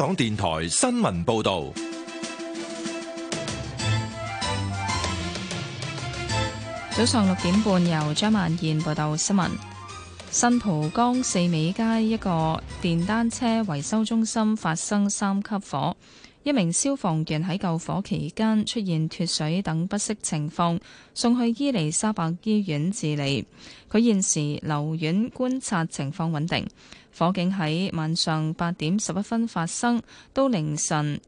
港電台新聞報道，早上六點半由張曼燕報道新聞。新蒲崗四美街一個電單車維修中心發生三級火。一名消防員喺救火期間出現脫水等不適情況，送去伊利沙伯醫院治理。佢現時留院觀察，情況穩定。火警喺晚上八點十一分發生，到凌晨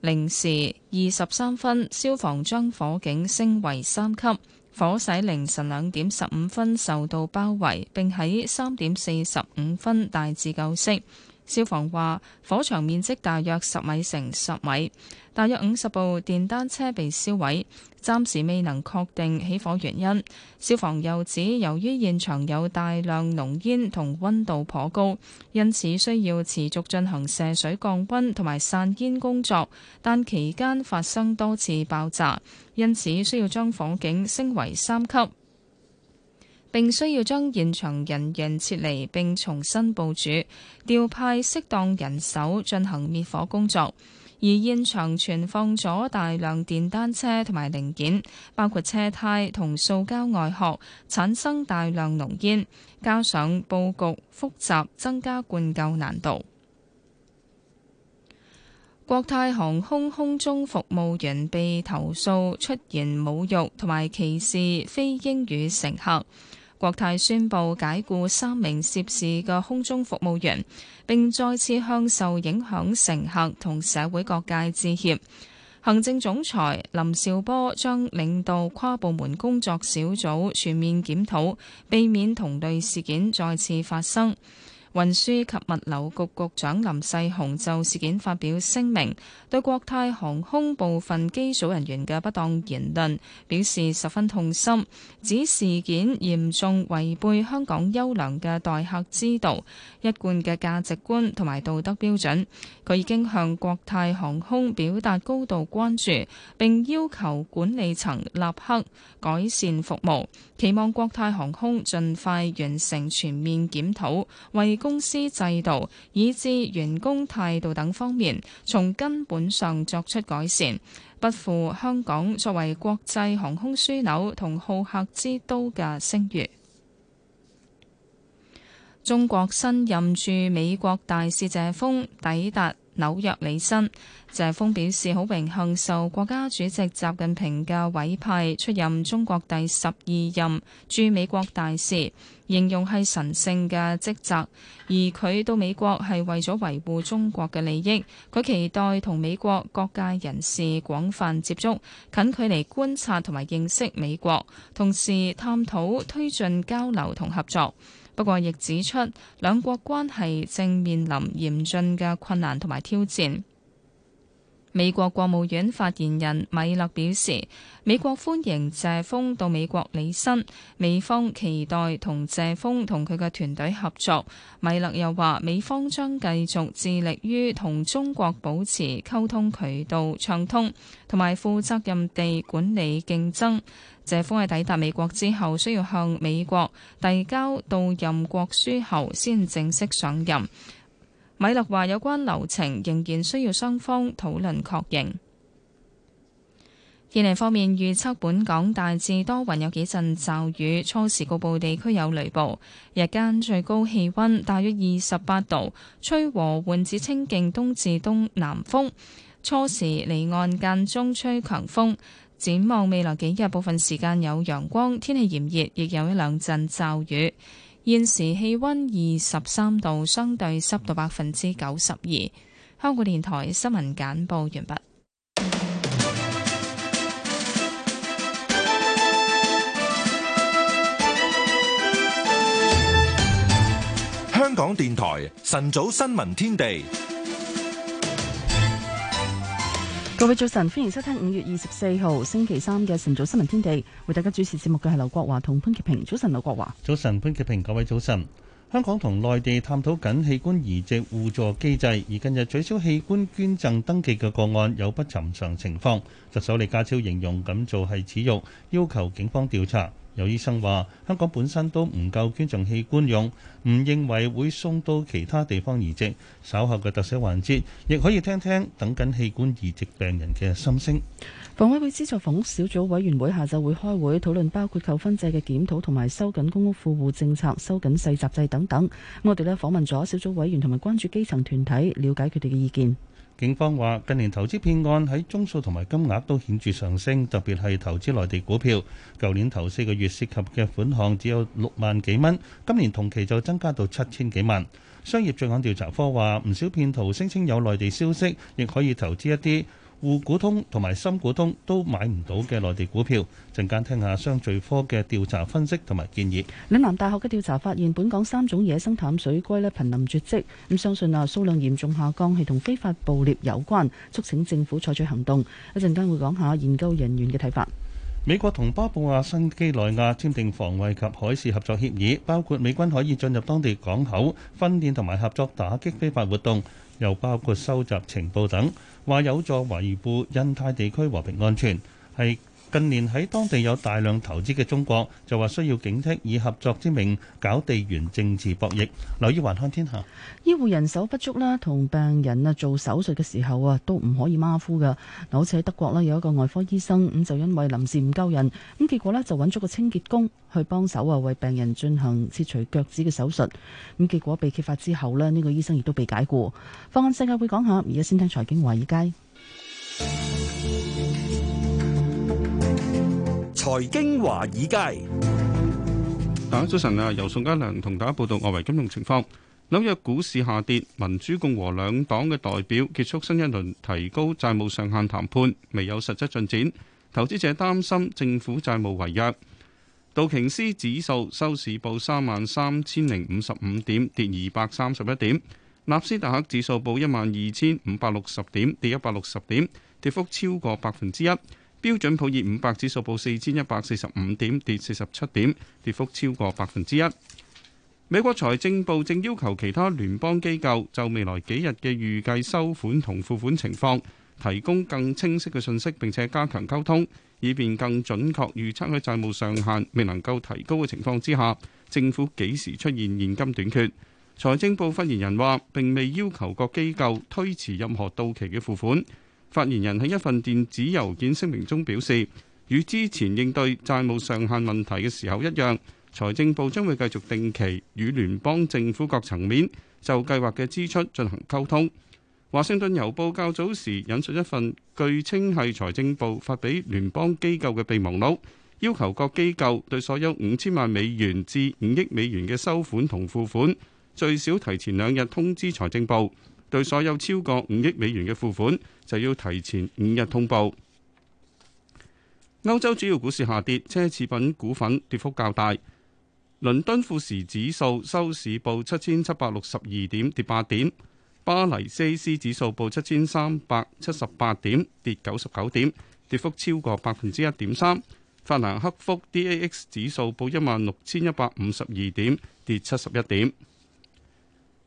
零時二十三分，消防將火警升為三級。火勢凌晨兩點十五分受到包圍，並喺三點四十五分大致救熄。消防話，火場面積大約十米乘十米，大約五十部電單車被燒毀，暫時未能確定起火原因。消防又指，由於現場有大量濃煙同溫度頗高，因此需要持續進行射水降溫同埋散煙工作，但期間發生多次爆炸，因此需要將火警升為三級。並需要將現場人員撤離並重新部署，調派適當人手進行滅火工作。而現場存放咗大量電單車同埋零件，包括車胎同塑膠外殼，產生大量濃煙，加上佈局複雜，增加灌救難度。國泰航空空中服務員被投訴出現侮辱同埋歧視非英語乘客。國泰宣布解雇三名涉事嘅空中服務員，並再次向受影響乘客同社會各界致歉。行政總裁林紹波將領導跨部門工作小組全面檢討，避免同類事件再次發生。運輸及物流局局長林世雄就事件發表聲明，對國泰航空部分機組人員嘅不當言論表示十分痛心，指事件嚴重違背香港優良嘅待客之道，一貫嘅價值觀同埋道德標準。佢已經向國泰航空表達高度關注，並要求管理層立刻改善服務，期望國泰航空盡快完成全面檢討，為公司制度以至員工態度等方面從根本上作出改善，不負香港作為國際航空樞紐同好客之都嘅聲譽。中國新任駐美國大使謝鋒抵達紐約履新。謝鋒表示，好榮幸受國家主席習近平嘅委派，出任中國第十二任駐美國大使，形容係神聖嘅職責。而佢到美國係為咗維護中國嘅利益。佢期待同美國各界人士廣泛接觸，近距離觀察同埋認識美國，同時探討推進交流同合作。不過，亦指出兩國關係正面臨嚴峻嘅困難同埋挑戰。美國國務院發言人米勒表示，美國歡迎謝鋒到美國履新，美方期待同謝鋒同佢嘅團隊合作。米勒又話，美方將繼續致力於同中國保持溝通渠道暢通，同埋負責任地管理競爭。謝鋒喺抵達美國之後，需要向美國遞交到任國書後，先正式上任。米勒話：有關流程仍然需要雙方討論確認。天氣方面預測，本港大致多雲，有幾陣驟雨，初時局部地區有雷暴。日間最高氣温大約二十八度，吹和緩至清勁東至東南風。初時離岸間中吹強風。展望未來幾日，部分時間有陽光，天氣炎熱，亦有一兩陣驟雨。現時氣溫二十三度，相對濕度百分之九十二。香港電台新聞簡報完畢。香港電台晨早新聞天地。各位早晨，歡迎收聽五月二十四號星期三嘅晨早新聞天地。為大家主持節目嘅係劉國華同潘潔平。早晨，劉國華。早晨，潘潔平。各位早晨。香港同內地探討緊器官移植互助機制，而近日取消器官捐贈登記嘅個案有不尋常情況。特首李家超形容咁做係恥辱，要求警方調查。有醫生話：香港本身都唔夠捐贈器官用，唔認為會送到其他地方移植。稍後嘅特寫環節，亦可以聽聽等緊器官移植病人嘅心聲。房委會資助房屋小組委員會下晝會開會討論，包括扣分制嘅檢討同埋收緊公屋富戶政策、收緊細集制等等。我哋呢訪問咗小組委員同埋關注基層團體，了解佢哋嘅意見。警方話：近年投資騙案喺宗數同埋金額都顯著上升，特別係投資內地股票。舊年頭四個月涉及嘅款項只有六萬幾蚊，今年同期就增加到七千幾萬。商業罪案調查科話，唔少騙徒聲稱有內地消息，亦可以投資一啲。滬股通同埋深股通都買唔到嘅內地股票，陣間聽下商聚科嘅調查分析同埋建議。嶺南大學嘅調查發現，本港三種野生淡水龜咧瀕臨絕跡，咁相信啊數量嚴重下降係同非法捕獵有關，促請政府採取行動。一陣間會講下研究人員嘅睇法。美國同巴布亞新幾內亞簽訂防衛及海事合作協議，包括美軍可以進入當地港口、訓練同埋合作打擊非法活動，又包括收集情報等。話有助維護印太地區和平安全，係。近年喺當地有大量投資嘅中國，就話需要警惕以合作之名搞地緣政治博弈。留意《環看天下》。醫護人手不足啦，同病人啊做手術嘅時候啊，都唔可以馬虎㗎。好似喺德國啦，有一個外科醫生咁，就因為臨時唔夠人，咁結果呢就揾咗個清潔工去幫手啊，為病人進行切除腳趾嘅手術。咁結果被揭發之後呢，呢，呢個醫生亦都被解雇。放眼世界，會講下。而家先聽財經華爾街。 財經華爾街，大家早晨啊！由宋嘉良同大家報道外圍金融情況。紐約股市下跌，民主共和兩黨嘅代表結束新一輪提高債務上限談判，未有實質進展。投資者擔心政府債務違約。道瓊斯指數收市報三萬三千零五十五點，跌二百三十一點；納斯達克指數報一萬二千五百六十點，跌一百六十點，跌幅超過百分之一。標準普爾五百指數報四千一百四十五點，跌四十七點，跌幅超過百分之一。美國財政部正要求其他聯邦機構就未來幾日嘅預計收款同付款情況提供更清晰嘅信息，並且加強溝通，以便更準確預測喺債務上限未能夠提高嘅情況之下，政府幾時出現現金短缺。財政部發言人話：並未要求各機構推遲任何到期嘅付款。發言人喺一份電子郵件聲明中表示，與之前應對債務上限問題嘅時候一樣，財政部將會繼續定期與聯邦政府各層面就計劃嘅支出進行溝通。華盛頓郵報較早時引述一份據稱係財政部發俾聯邦機構嘅備忘錄，要求各機構對所有五千萬美元至五億美元嘅收款同付款，最少提前兩日通知財政部。對所有超過五億美元嘅付款，就要提前五日通報。歐洲主要股市下跌，奢侈品股份跌幅較大。倫敦富時指數收市報七千七百六十二點，跌八點；巴黎 CAC 指數報七千三百七十八點，跌九十九點，跌幅超過百分之一點三。法蘭克福 DAX 指數報一萬六千一百五十二點，跌七十一點。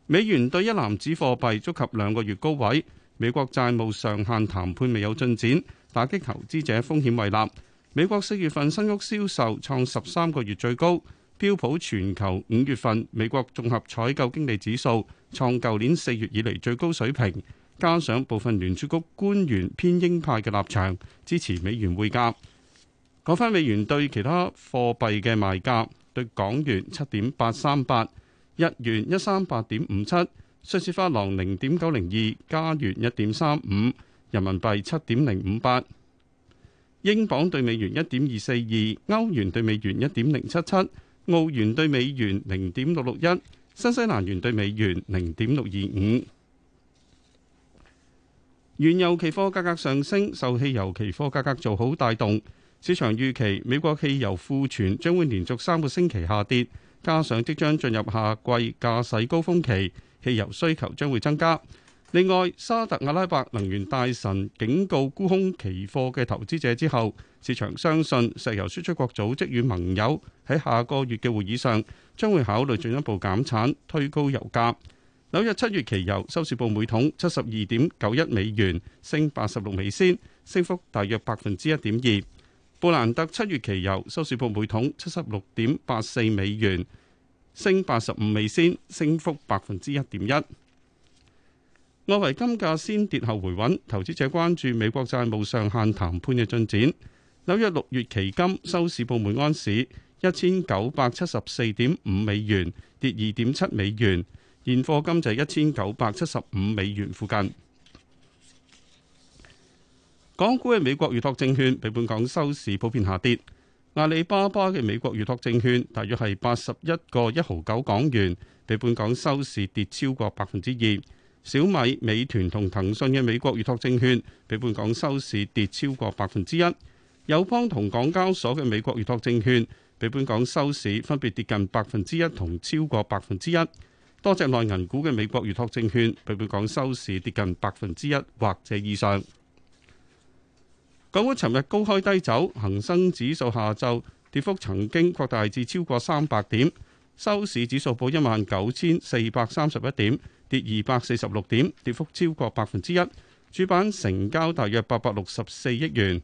美元兌一籃子貨幣觸及兩個月高位，美國債務上限談判未有進展，打擊投資者風險胃納。美國四月份新屋銷售創十三個月最高，標普全球五月份美國綜合採購經理指數創舊年四月以嚟最高水平，加上部分聯儲局官員偏鷹派嘅立場，支持美元匯價。講翻美元對其他貨幣嘅賣價，對港元七點八三八。日元一三八點五七，瑞士法郎零點九零二，加元一點三五，人民幣七點零五八，英鎊對美元一點二四二，歐元對美元一點零七七，澳元對美元零點六六一，新西蘭元對美元零點六二五。原油期貨價格上升，受汽油期貨價格做好帶動，市場預期美國汽油庫存將會連續三個星期下跌。加上即將進入夏季駕駛高峰期，汽油需求將會增加。另外，沙特阿拉伯能源大臣警告沽空期貨嘅投資者之後，市場相信石油輸出國組織與盟友喺下個月嘅會議上，將會考慮進一步減產，推高油價。紐約七月期油收市報每桶七十二點九一美元，升八十六美仙，升幅大約百分之一點二。布蘭特七月期油收市報每桶七十六點八四美元，升八十五美仙，升幅百分之一點一。外圍金價先跌後回穩，投資者關注美國債務上限談判嘅進展。紐約六月期金收市報每安士一千九百七十四點五美元，跌二點七美元，現貨金就係一千九百七十五美元附近。港股嘅美國預託證券比本港收市普遍下跌。阿里巴巴嘅美國預託證券大約係八十一個一毫九港元，比本港收市跌超過百分之二。小米、美團同騰訊嘅美國預託證券比本港收市跌超過百分之一。友邦同港交所嘅美國預託證券比本港收市分別跌近百分之一同超過百分之一。多隻內銀股嘅美國預託證券比本港收市跌近百分之一或者以上。港股尋日高開低走，恒生指數下晝跌幅曾經擴大至超過三百點，收市指數報一萬九千四百三十一點，跌二百四十六點，跌幅超過百分之一。主板成交大約八百六十四億元。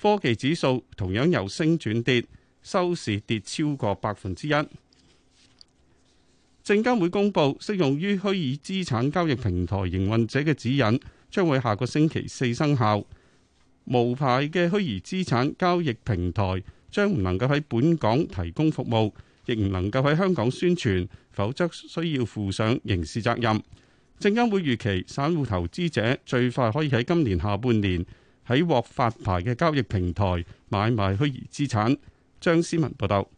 科技指數同樣由升轉跌，收市跌超過百分之一。證監會公佈適用於虛擬資產交易平台營運者嘅指引，將會下個星期四生效。無牌嘅虛擬資產交易平台將唔能夠喺本港提供服務，亦唔能夠喺香港宣傳，否則需要負上刑事責任。證監會預期散戶投資者最快可以喺今年下半年喺獲發牌嘅交易平台買賣虛擬資產。張思文報道。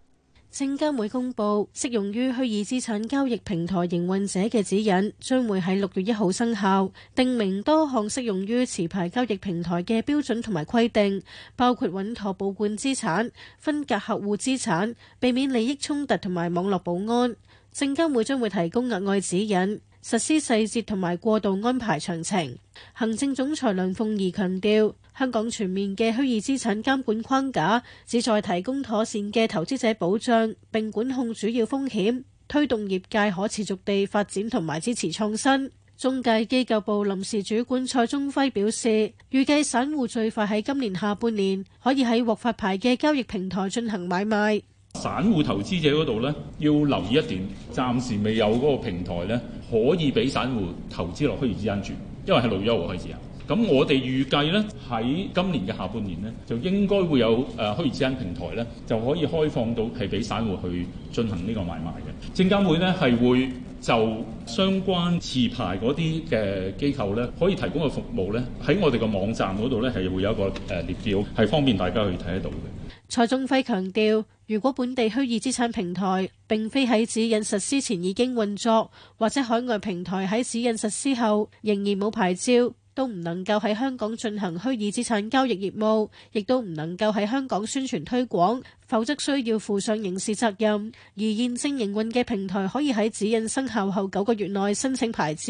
證監會公布適用於虛擬資產交易平台營運者嘅指引，將會喺六月一號生效，定明多項適用於持牌交易平台嘅標準同埋規定，包括穩妥保管資產、分隔客戶資產、避免利益衝突同埋網絡保安。證監會將會提供額外指引。實施細節同埋過渡安排詳情，行政總裁梁鳳儀強調，香港全面嘅虛擬資產監管框架旨在提供妥善嘅投資者保障，並管控主要風險，推動業界可持續地發展同埋支持創新。中介機構部臨時主管蔡宗輝表示，預計散戶最快喺今年下半年可以喺獲發牌嘅交易平台進行買賣。散戶投資者嗰度，咧，要留意一點，暫時未有嗰個平台咧，可以俾散戶投資落虛擬資產住，因為係六月一號開始啊。咁我哋預計呢，喺今年嘅下半年呢，就應該會有誒虛擬資產平台呢，就可以開放到係俾散戶去進行呢個買賣嘅。證監會呢，係會就相關持牌嗰啲嘅機構呢，可以提供嘅服務呢，喺我哋嘅網站嗰度呢，係會有一個誒列表，係方便大家去睇得到嘅。蔡宗輝強調，如果本地虛擬資產平台並非喺指引實施前已經運作，或者海外平台喺指引實施後仍然冇牌照，都唔能夠喺香港進行虛擬資產交易業務，亦都唔能夠喺香港宣傳推廣，否則需要負上刑事責任。而現正營運嘅平台可以喺指引生效後九個月內申請牌照。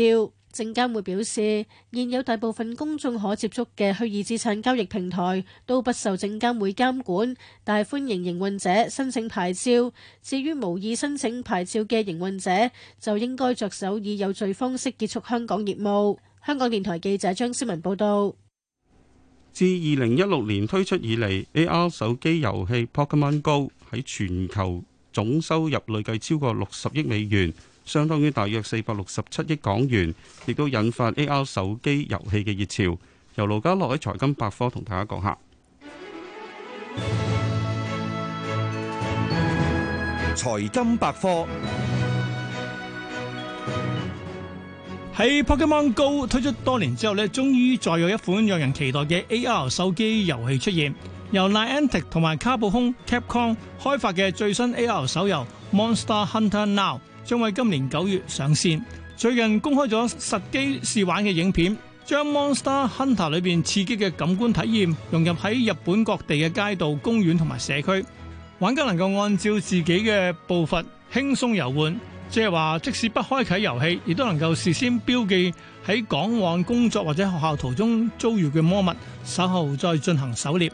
證監會表示，現有大部分公眾可接觸嘅虛擬資產交易平台都不受證監會監管，但係歡迎營運者申請牌照。至於無意申請牌照嘅營運者，就應該着手以有序方式結束香港業務。香港電台記者張思文報道：自二零一六年推出以嚟，A R 手機遊戲 Pokémon Go 喺全球總收入累計超過六十億美元，相當於大約四百六十七億港元，亦都引發 A R 手機遊戲嘅熱潮。由盧家樂喺財金百科同大家講下財金百科。喺、hey, Pokemon Go 推出多年之後咧，終於再有一款讓人期待嘅 AR 手機遊戲出現。由 Niantic 同埋卡布空 Capcom 開發嘅最新 AR 手遊 Monster Hunter Now 將喺今年九月上線。最近公開咗實機試玩嘅影片，將 Monster Hunter 裏邊刺激嘅感官體驗融入喺日本各地嘅街道、公園同埋社區，玩家能夠按照自己嘅步伐輕鬆遊玩。即係話，即使不開啟遊戲，亦都能夠事先標記喺趕往工作或者學校途中遭遇嘅魔物，稍後再進行狩獵。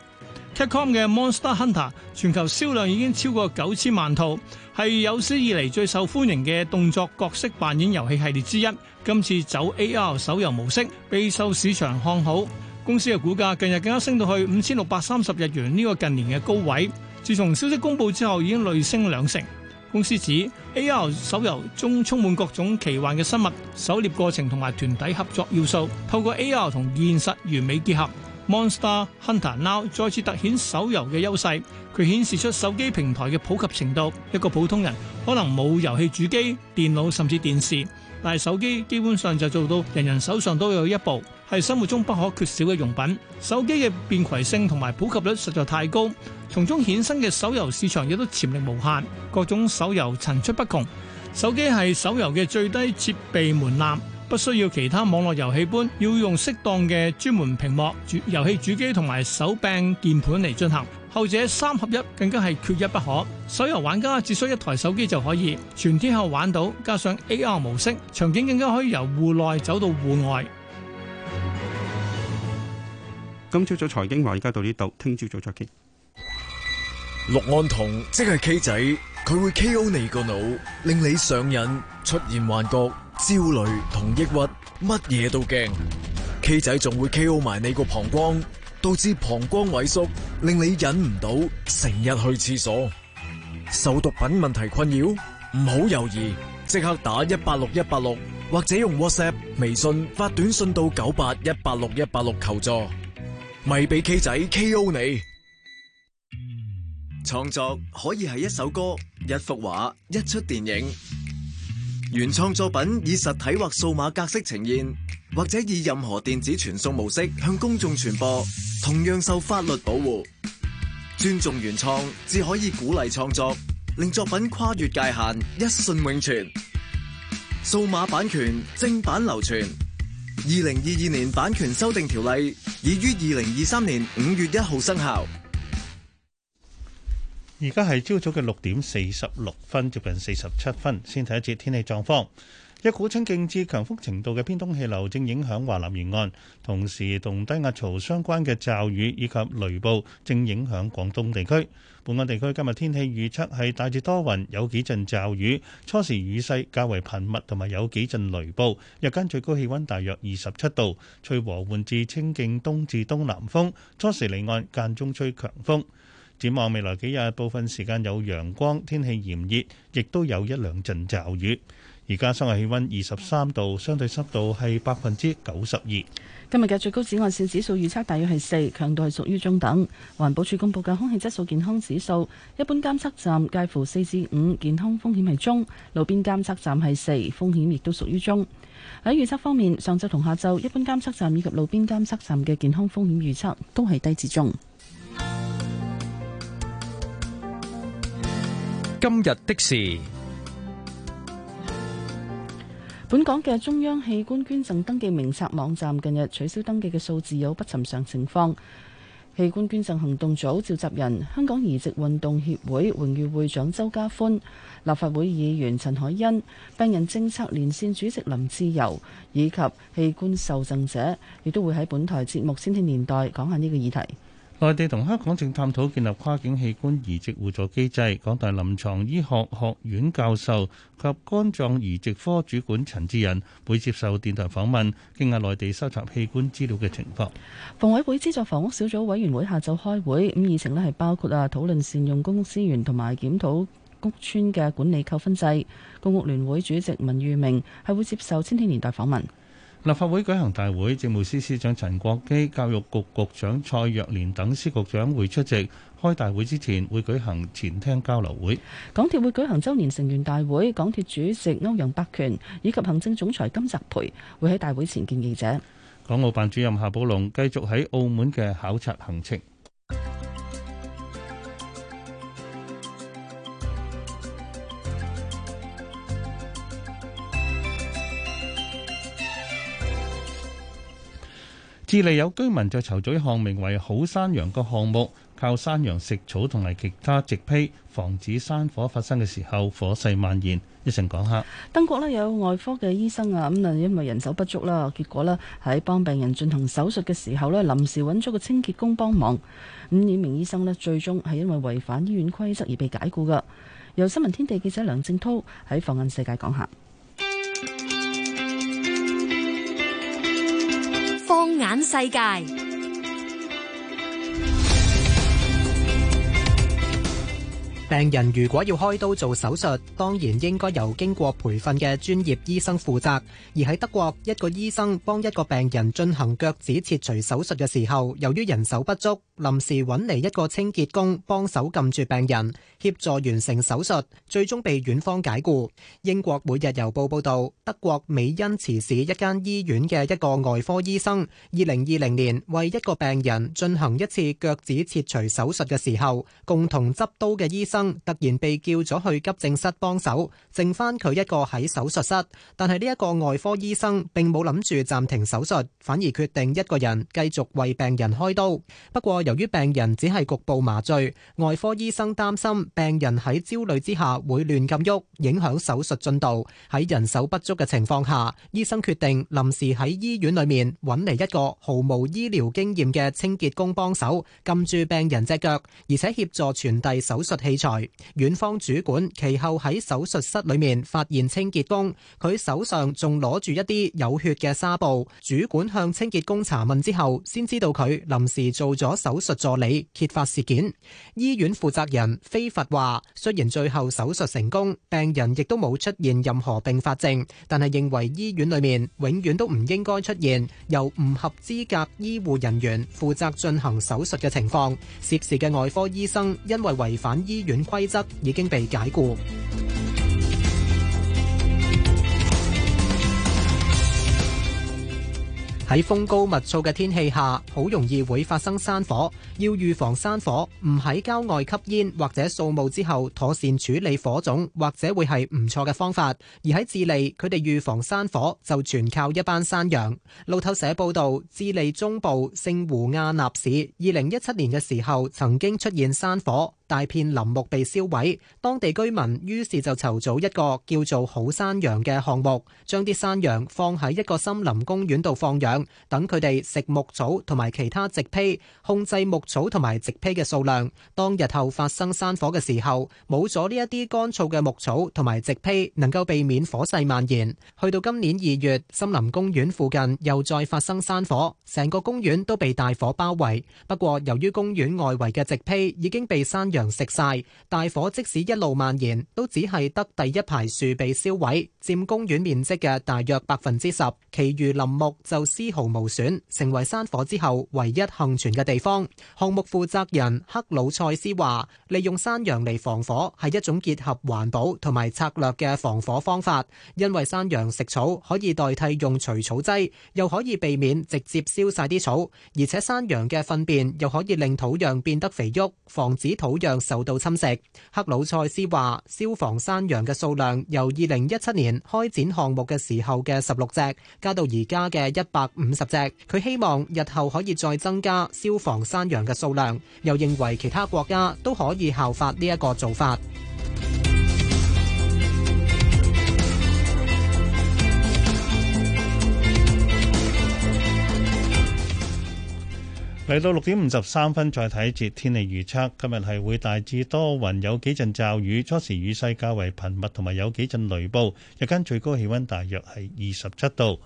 Capcom 嘅 Monster Hunter 全球銷量已經超過九千萬套，係有史以嚟最受歡迎嘅動作角色扮演遊戲系列之一。今次走 AR 手遊模式，備受市場看好。公司嘅股價近日更加升到去五千六百三十日元呢個近年嘅高位。自從消息公布之後，已經累升兩成。公司指 AR 手遊中充滿各種奇幻嘅生物、狩獵過程同埋團體合作要素，透過 AR 同現實完美結合，《Monster Hunter Now》再次突顯手遊嘅優勢。佢顯示出手機平台嘅普及程度。一個普通人可能冇遊戲主機、電腦甚至電視，但係手機基本上就做到人人手上都有一部，係生活中不可缺少嘅用品。手機嘅便攜性同埋普及率實在太高，從中衍生嘅手遊市場亦都潛力無限。各種手遊層出不窮，手機係手遊嘅最低設備門檻，不需要其他網絡遊戲般要用適當嘅專門屏幕、主遊戲主機同埋手柄鍵，鍵盤嚟進行。後者三合一更加係缺一不可。所有玩家只需一台手機就可以全天候玩到，加上 AR 模式，場景更加可以由戶內走到戶外。今朝早財經話而家到呢度，聽朝早，上早上再見。氯胺酮即係 K 仔，佢會 KO 你個腦，令你上癮、出現幻覺、焦慮同抑鬱，乜嘢都驚。K 仔仲會 KO 埋你個膀胱。導致膀胱萎縮，令你忍唔到，成日去廁所。受毒品問題困擾，唔好猶豫，即刻打一八六一八六，或者用 WhatsApp、微信發短信到九八一八六一八六求助。咪俾 K 仔 KO 你！創作可以係一首歌、一幅畫、一齣電影。原創作品以實體或數碼格式呈現，或者以任何電子傳送模式向公眾傳播，同樣受法律保護。尊重原創，只可以鼓勵創作，令作品跨越界限，一瞬永存。數碼版權正版流傳。二零二二年版權修訂條例已於二零二三年五月一號生效。而家係朝早嘅六點四十六分接近四十七分，先睇一節天氣狀況。一股清勁至強風程度嘅偏東氣流正影響華南沿岸，同時同低壓槽相關嘅驟雨以及雷暴正影響廣東地區。本港地區今日天氣預測係大致多雲，有幾陣驟雨，初時雨勢較為頻密，同埋有幾陣雷暴。日間最高氣溫大約二十七度，吹和緩至清勁東至東南風，初時離岸，間中吹強風。展望未來幾日，部分時間有陽光，天氣炎熱，亦都有一兩陣驟雨。而家室外氣溫二十三度，相對濕度係百分之九十二。今日嘅最高紫外線指數預測大約係四，強度係屬於中等。環保署公布嘅空氣質素健康指數，一般監測站介乎四至五，健康風險係中；路邊監測站係四，風險亦都屬於中。喺預測方面，上晝同下晝，一般監測站以及路邊監測站嘅健康風險預測都係低至中。今日的事，本港嘅中央器官捐贈登記名冊網站近日取消登記嘅數字有不尋常情況。器官捐贈行動組召集人、香港移植運動協會榮譽會長周家歡、立法會議員陳海欣、病人政策連線主席林志柔以及器官受贈者，亦都會喺本台節目《千禧年代》講下呢個議題。內地同香港正探討建立跨境器官移植互助機制，港大臨床醫學學院教授及肝臟移植科主管陳志仁會接受電台訪問，傾下內地收集器官資料嘅情況。房委會資助房屋小組委員會下晝開會，咁議程咧係包括啊討論善用公屋資源同埋檢討屋邨嘅管理扣分制。公屋聯會主席文裕明係會接受《千禧年代》訪問。立法會舉行大會，政務司司長陳國基、教育局局長蔡若蓮等司局長會出席。開大會之前會舉行前廳交流會。港鐵會舉行周年成員大會，港鐵主席歐陽伯權以及行政總裁金澤培會喺大會前見記者。港澳辦主任夏寶龍繼續喺澳門嘅考察行程。智利有居民就籌咗一項名為“好山羊”嘅項目，靠山羊食草同埋其他植被，防止山火發生嘅時候火勢蔓延。一陣講下，德國呢有外科嘅醫生啊，咁啊因為人手不足啦，結果呢喺幫病人進行手術嘅時候呢，臨時揾咗個清潔工幫忙。咁呢名醫生呢，最終係因為違反醫院規則而被解雇㗎。由新聞天地記者梁正濤喺放眼世界講下。眼世界。病人如果要開刀做手術，當然應該由經過培訓嘅專業醫生負責，而喺德國一個醫生幫一個病人進行腳趾切除手術嘅時候，由於人手不足，臨時揾嚟一個清潔工幫手撳住病人，協助完成手術，最終被院方解僱。英國每日郵報報道，德國美因茨市一間醫院嘅一個外科醫生二零二零年為一個病人進行一次腳趾切除手術嘅時候，共同執刀嘅醫生。突然被叫咗去急症室幫手，剩翻佢一個喺手術室。但係呢一個外科醫生並冇諗住暫停手術，反而決定一個人繼續為病人開刀。不過由於病人只係局部麻醉，外科醫生擔心病人喺焦慮之下會亂咁喐，影響手術進度。喺人手不足嘅情況下，醫生決定臨時喺醫院裏面搵嚟一個毫無醫療經驗嘅清潔工幫手，撳住病人隻腳，而且協助傳遞手術器材。院方主管其後喺手術室裏面發現清潔工，佢手上仲攞住一啲有血嘅紗布。主管向清潔工查問之後，先知道佢臨時做咗手術助理，揭發事件。醫院負責人非佛話：雖然最後手術成功，病人亦都冇出現任何併發症，但係認為醫院裏面永遠都唔應該出現由唔合資格醫護人員負責進行手術嘅情況。涉事嘅外科醫生因為違反醫院。規則已經被解僱。喺 風高物燥嘅天氣下，好容易會發生山火。要預防山火，唔喺郊外吸煙或者掃墓之後，妥善處理火種，或者會係唔錯嘅方法。而喺智利，佢哋預防山火就全靠一班山羊。路透社報道，智利中部聖胡亞納市二零一七年嘅時候曾經出現山火。大片林木被燒毀，當地居民於是就籌組一個叫做好山羊嘅項目，將啲山羊放喺一個森林公園度放養，等佢哋食牧草同埋其他植被，控制牧草同埋植被嘅數量。當日後發生山火嘅時候，冇咗呢一啲乾燥嘅牧草同埋植被，能夠避免火勢蔓延。去到今年二月，森林公園附近又再發生山火，成個公園都被大火包圍。不過由於公園外圍嘅植被已經被山羊羊食晒，大火即使一路蔓延，都只係得第一排樹被燒毀，佔公園面積嘅大約百分之十，其餘林木就絲毫無損，成為山火之後唯一幸存嘅地方。項目負責人克魯塞斯話，利用山羊嚟防火係一種結合環保同埋策略嘅防火方法，因為山羊食草可以代替用除草劑，又可以避免直接燒晒啲草，而且山羊嘅糞便又可以令土壤變得肥沃，防止土壤受到侵蝕，克魯塞斯話：消防山羊嘅數量由二零一七年開展項目嘅時候嘅十六隻，加到而家嘅一百五十隻。佢希望日後可以再增加消防山羊嘅數量，又認為其他國家都可以效法呢一個做法。嚟到六點五十三分，再睇一節天氣預測。今日係會大致多雲，有幾陣驟雨，初時雨勢較為頻密，同埋有幾陣雷暴。日間最高氣溫大約係二十七度。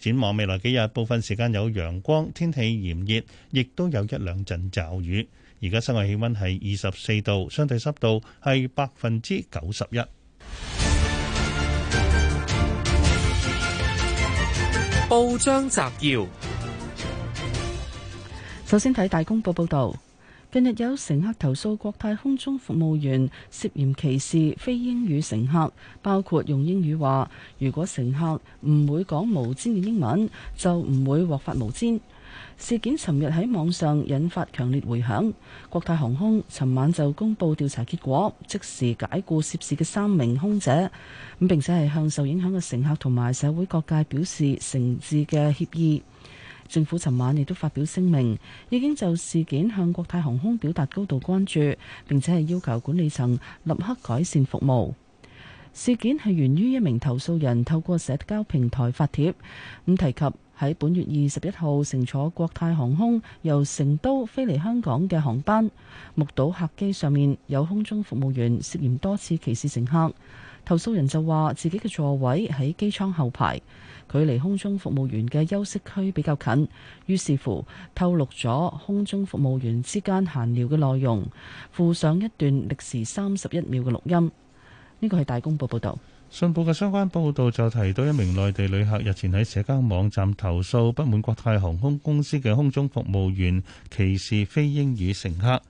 展望未來幾日，部分時間有陽光，天氣炎熱，亦都有一兩陣驟雨。而家室外氣溫係二十四度，相對濕度係百分之九十一。報章摘要。首先睇大公報報導，近日有乘客投訴國泰空中服務員涉嫌歧視非英語乘客，包括用英語話：如果乘客唔會講無濫嘅英文，就唔會獲發無濫。事件尋日喺網上引發強烈回響，國泰航空尋晚就公布調查結果，即時解雇涉事嘅三名空姐，咁並且係向受影響嘅乘客同埋社會各界表示誠摯嘅歉意。政府尋晚亦都發表聲明，已經就事件向國泰航空表達高度關注，並且係要求管理層立刻改善服務。事件係源於一名投訴人透過社交平台發帖，咁提及喺本月二十一號乘坐國泰航空由成都飛嚟香港嘅航班，目睹客機上面有空中服務員涉嫌多次歧視乘客。投訴人就話自己嘅座位喺機艙後排。距離空中服務員嘅休息區比較近，於是乎透露咗空中服務員之間閒聊嘅內容，附上一段歷時三十一秒嘅錄音。呢個係大公報報導。信報嘅相關報導就提到一名內地旅客日前喺社交網站投訴，不滿國泰航空公司嘅空中服務員歧視非英語乘客。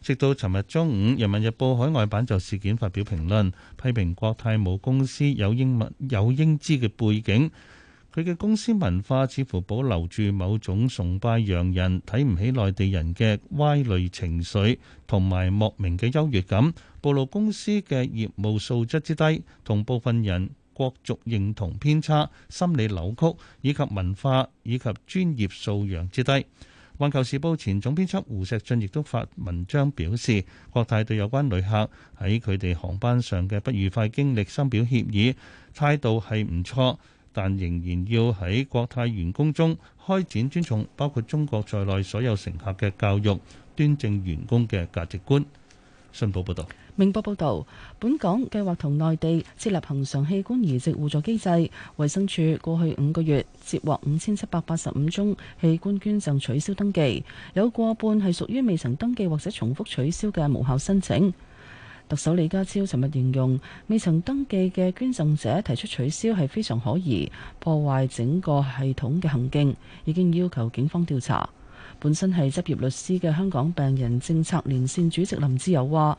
直到尋日中午，《人民日報》海外版就事件發表評論，批評國泰母公司有英文有英資嘅背景。佢嘅公司文化似乎保留住某種崇拜洋人、睇唔起內地人嘅歪類情緒同埋莫名嘅優越感，暴露公司嘅業務素質之低，同部分人國族認同偏差、心理扭曲，以及文化以及專業素養之低。《環球時報》前總編輯胡錫進亦都發文章表示，國泰對有關旅客喺佢哋航班上嘅不愉快經歷深表歉意，態度係唔錯。但仍然要喺國泰員工中開展尊重包括中國在內所有乘客嘅教育，端正員工嘅價值觀。信報報道，明報報道，本港計劃同內地設立恆常器官移植互助機制。衛生署過去五個月接獲五千七百八十五宗器官捐贈取消登記，有過半係屬於未曾登記或者重複取消嘅無效申請。特首李家超尋日形容未曾登記嘅捐贈者提出取消係非常可疑，破壞整個系統嘅行徑，已經要求警方調查。本身係執業律師嘅香港病人政策連線主席林志友話：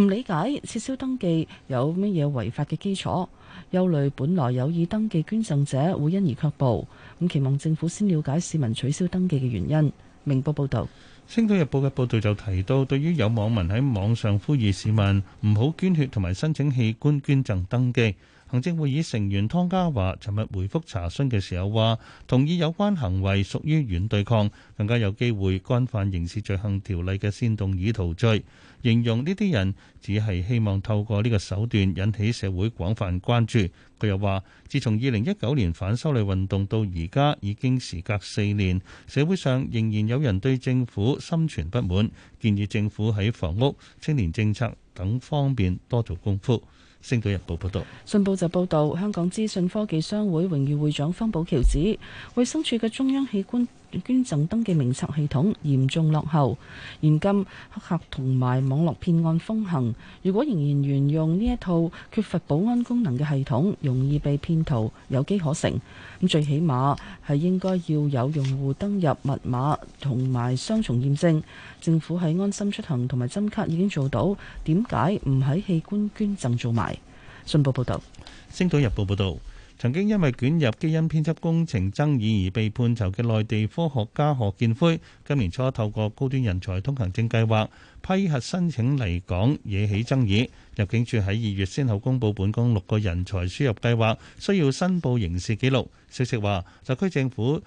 唔理解撤銷登記有乜嘢違法嘅基礎，憂慮本來有意登記捐贈者會因而卻步。咁期望政府先了解市民取消登記嘅原因。明報報道。《星島日報》嘅報導就提到，對於有網民喺網上呼籲市民唔好捐血同埋申請器官捐贈登記，行政會議成員湯家驊尋日回覆查詢嘅時候話，同意有關行為屬於軟對抗，更加有機會干犯刑事罪行條例嘅煽動意圖罪。形容呢啲人只係希望透過呢個手段引起社會廣泛關注。佢又話自從二零一九年反修例運動到而家已經時隔四年，社會上仍然有人對政府心存不滿，建議政府喺房屋、青年政策等方面多做功夫。星島日報報道，信報就報道香港資訊科技商會榮譽會長方寶橋指，衛生署嘅中央器官。捐贈登記名冊系統嚴重落後，現今黑客同埋網絡騙案風行。如果仍然沿用呢一套缺乏保安功能嘅系統，容易被騙徒有機可乘。咁最起碼係應該要有用戶登入密碼同埋雙重驗證，政府喺安心出行同埋針卡已經做到，點解唔喺器官捐贈做埋？信報報道，《星島日報》報道。曾經因為捲入基因編輯工程爭議而被判囚嘅內地科學家何建輝，今年初透過高端人才通行證計劃批核申請嚟港，惹起爭議。入境處喺二月先後公佈本港六個人才輸入計劃，需要申報刑事記錄。消息話，特區政府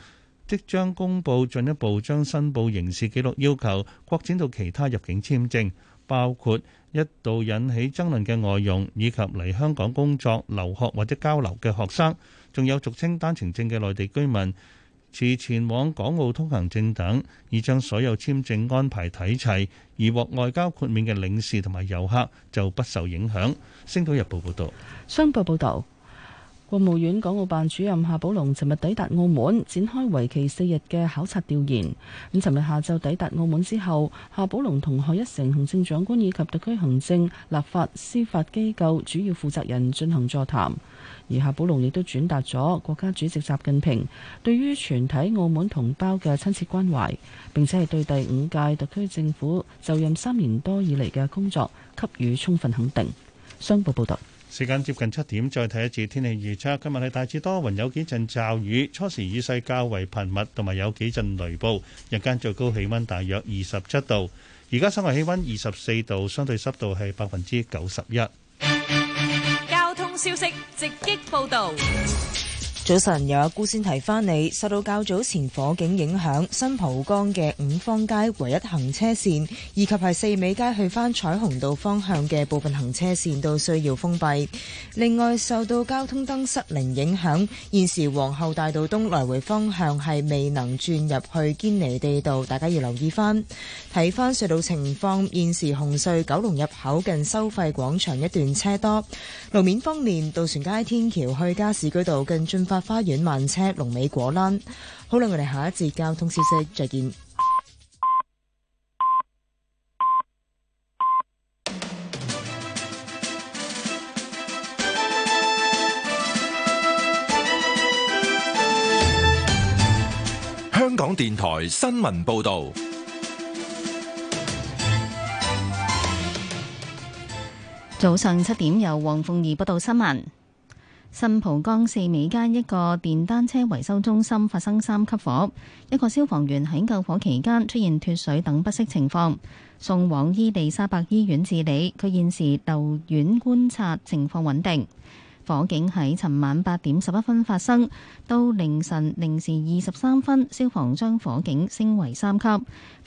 即將公佈進一步將申報刑事記錄要求擴展到其他入境簽證。包括一度引起爭論嘅外傭，以及嚟香港工作、留學或者交流嘅學生，仲有俗稱單程證嘅內地居民，持前往港澳通行證等，已將所有簽證安排睇齊，而獲外交豁免嘅領事同埋遊客就不受影響。星島日報報道。商報報導。國務院港澳辦主任夏寶龍尋日抵達澳門，展開為期四日嘅考察調研。咁尋日下晝抵達澳門之後，夏寶龍同賀一誠行政長官以及特區行政、立法、司法機構主要負責人進行座談。而夏寶龍亦都轉達咗國家主席習近平對於全體澳門同胞嘅親切關懷，並且係對第五屆特區政府就任三年多以嚟嘅工作給予充分肯定。商報報道。時間接近七點，再睇一次天氣預測。今日係大致多雲，有幾陣驟雨，初時雨勢較為頻密，同埋有幾陣雷暴。日間最高氣溫大約二十七度，而家室外氣溫二十四度，相對濕度係百分之九十一。交通消息直擊報道。早晨，有阿姑先提翻你，受到較早前火警影響，新蒲崗嘅五芳街唯一行車線以及係四美街去返彩虹道方向嘅部分行車線都需要封閉。另外，受到交通燈失靈影響，現時皇后大道東來回方向係未能轉入去堅尼地道，大家要留意翻。睇翻隧道情況。現時紅隧九龍入口近收費廣場一段車多。路面方面，渡船街天橋去加士居道近進花。花園慢車，龍尾果欄。好啦，我哋下一節交通消息再見。香港電台新聞報道，早上七點由黃鳳儀報道新聞。新蒲崗四美街一個電單車維修中心發生三級火，一個消防員喺救火期間出現脱水等不適情況，送往伊利沙伯醫院治理，佢現時留院觀察，情況穩定。火警喺尋晚八點十一分發生。到凌晨零時二十三分，消防將火警升為三級。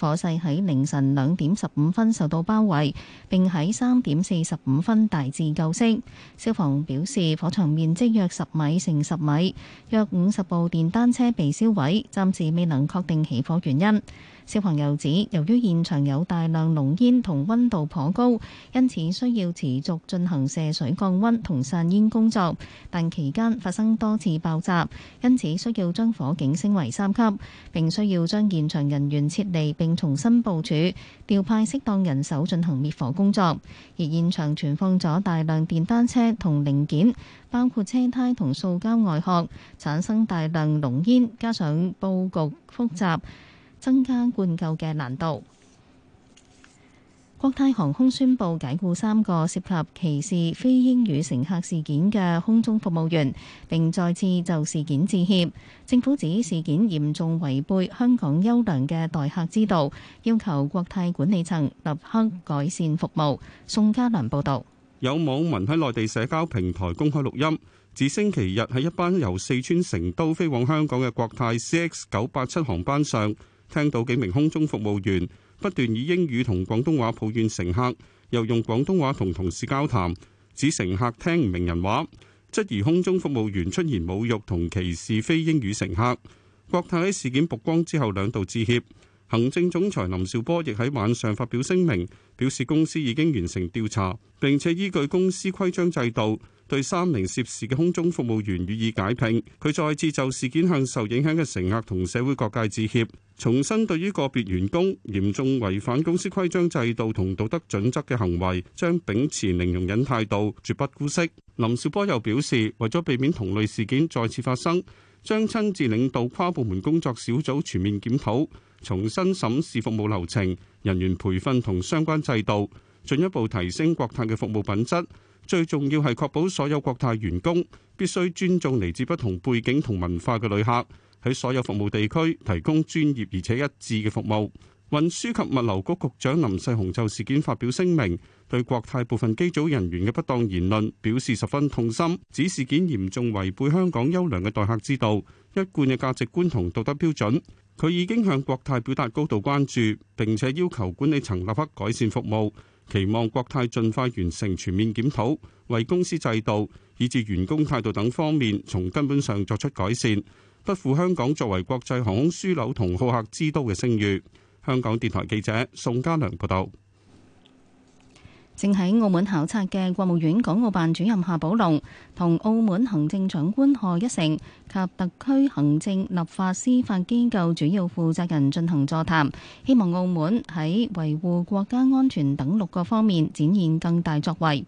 火勢喺凌晨兩點十五分受到包圍，並喺三點四十五分大致救熄。消防表示，火場面積約十米乘十米，約五十部電單車被燒毀，暫時未能確定起火原因。消防又指，由於現場有大量濃煙同溫度頗高，因此需要持續進行射水降溫同散煙工作，但期間發生多次爆炸。因此需要將火警升為三級，並需要將現場人員撤離，並重新部署，調派適當人手進行滅火工作。而現場存放咗大量電單車同零件，包括車胎同塑膠外殼，產生大量濃煙，加上佈局複雜，增加灌救嘅難度。國泰航空宣布解雇三個涉及歧視非英語乘客事件嘅空中服務員，並再次就事件致歉。政府指事件嚴重違背香港優良嘅待客之道，要求國泰管理層立刻改善服務。宋嘉良報道。有網民喺內地社交平台公開錄音，指星期日喺一班由四川成都飛往香港嘅國泰 CX 九八七航班上，聽到幾名空中服務員。不斷以英語同廣東話抱怨乘客，又用廣東話同同事交談，指乘客聽唔明人話，質疑空中服務員出現侮辱同歧視非英語乘客。國泰喺事件曝光之後兩度致歉，行政總裁林兆波亦喺晚上發表聲明，表示公司已經完成調查，並且依據公司規章制度。對三名涉事嘅空中服務員予以解聘。佢再次就事件向受影響嘅乘客同社會各界致歉，重申對於個別員工嚴重違反公司規章制度同道德準則嘅行為，將秉持零容忍態度，絕不姑息。林紹波又表示，為咗避免同類事件再次發生，將親自領導跨部門工作小組全面檢討，重新審視服務流程、人員培訓同相關制度，進一步提升國泰嘅服務品質。最重要係確保所有國泰員工必須尊重嚟自不同背景同文化嘅旅客，喺所有服務地區提供專業而且一致嘅服務。運輸及物流局局長林世雄就事件發表聲明，對國泰部分機組人員嘅不當言論表示十分痛心，指事件嚴重違背香港優良嘅待客之道、一貫嘅價值觀同道德標準。佢已經向國泰表達高度關注，並且要求管理層立刻改善服務。期望國泰盡快完成全面檢討，為公司制度以至員工態度等方面從根本上作出改善，不負香港作為國際航空樞紐同好客之都嘅聲譽。香港電台記者宋家良報道。正喺澳門考察嘅國務院港澳辦主任夏寶龍同澳門行政長官賀一誠及特區行政、立法、司法機構主要負責人進行座談，希望澳門喺維護國家安全等六個方面展現更大作為。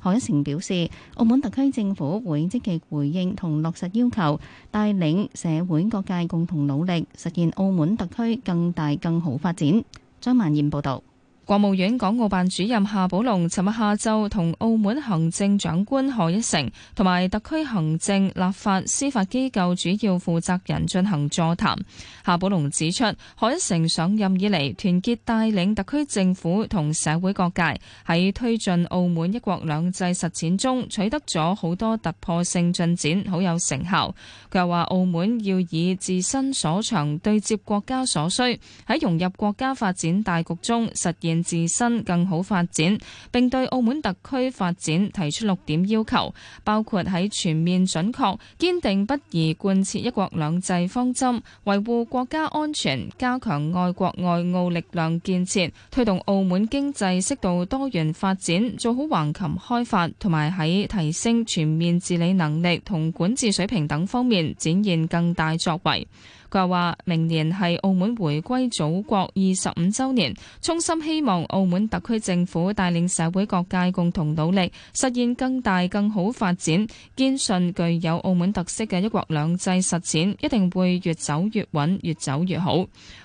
賀一誠表示，澳門特區政府會積極回應同落實要求，帶領社會各界共同努力，實現澳門特區更大更好發展。張萬燕報道。國務院港澳辦主任夏寶龍尋日下晝同澳門行政長官賀一誠同埋特區行政、立法、司法機構主要負責人進行座談。夏寶龍指出，賀一誠上任以嚟團結帶領特區政府同社會各界喺推進澳門一國兩制實踐中取得咗好多突破性進展，好有成效。佢又話，澳門要以自身所長對接國家所需，喺融入國家發展大局中實現。自身更好發展，並對澳門特區發展提出六點要求，包括喺全面準確，堅定不移貫徹一國兩制方針，維護國家安全，加強愛國愛澳力量建設，推動澳門經濟適度多元發展，做好橫琴開發，同埋喺提升全面治理能力同管治水平等方面，展現更大作為。佢話：明年係澳門回歸祖國二十五週年，衷心希望澳門特區政府帶領社會各界共同努力，實現更大更好發展，堅信具有澳門特色嘅一國兩制實踐一定會越走越穩，越走越好。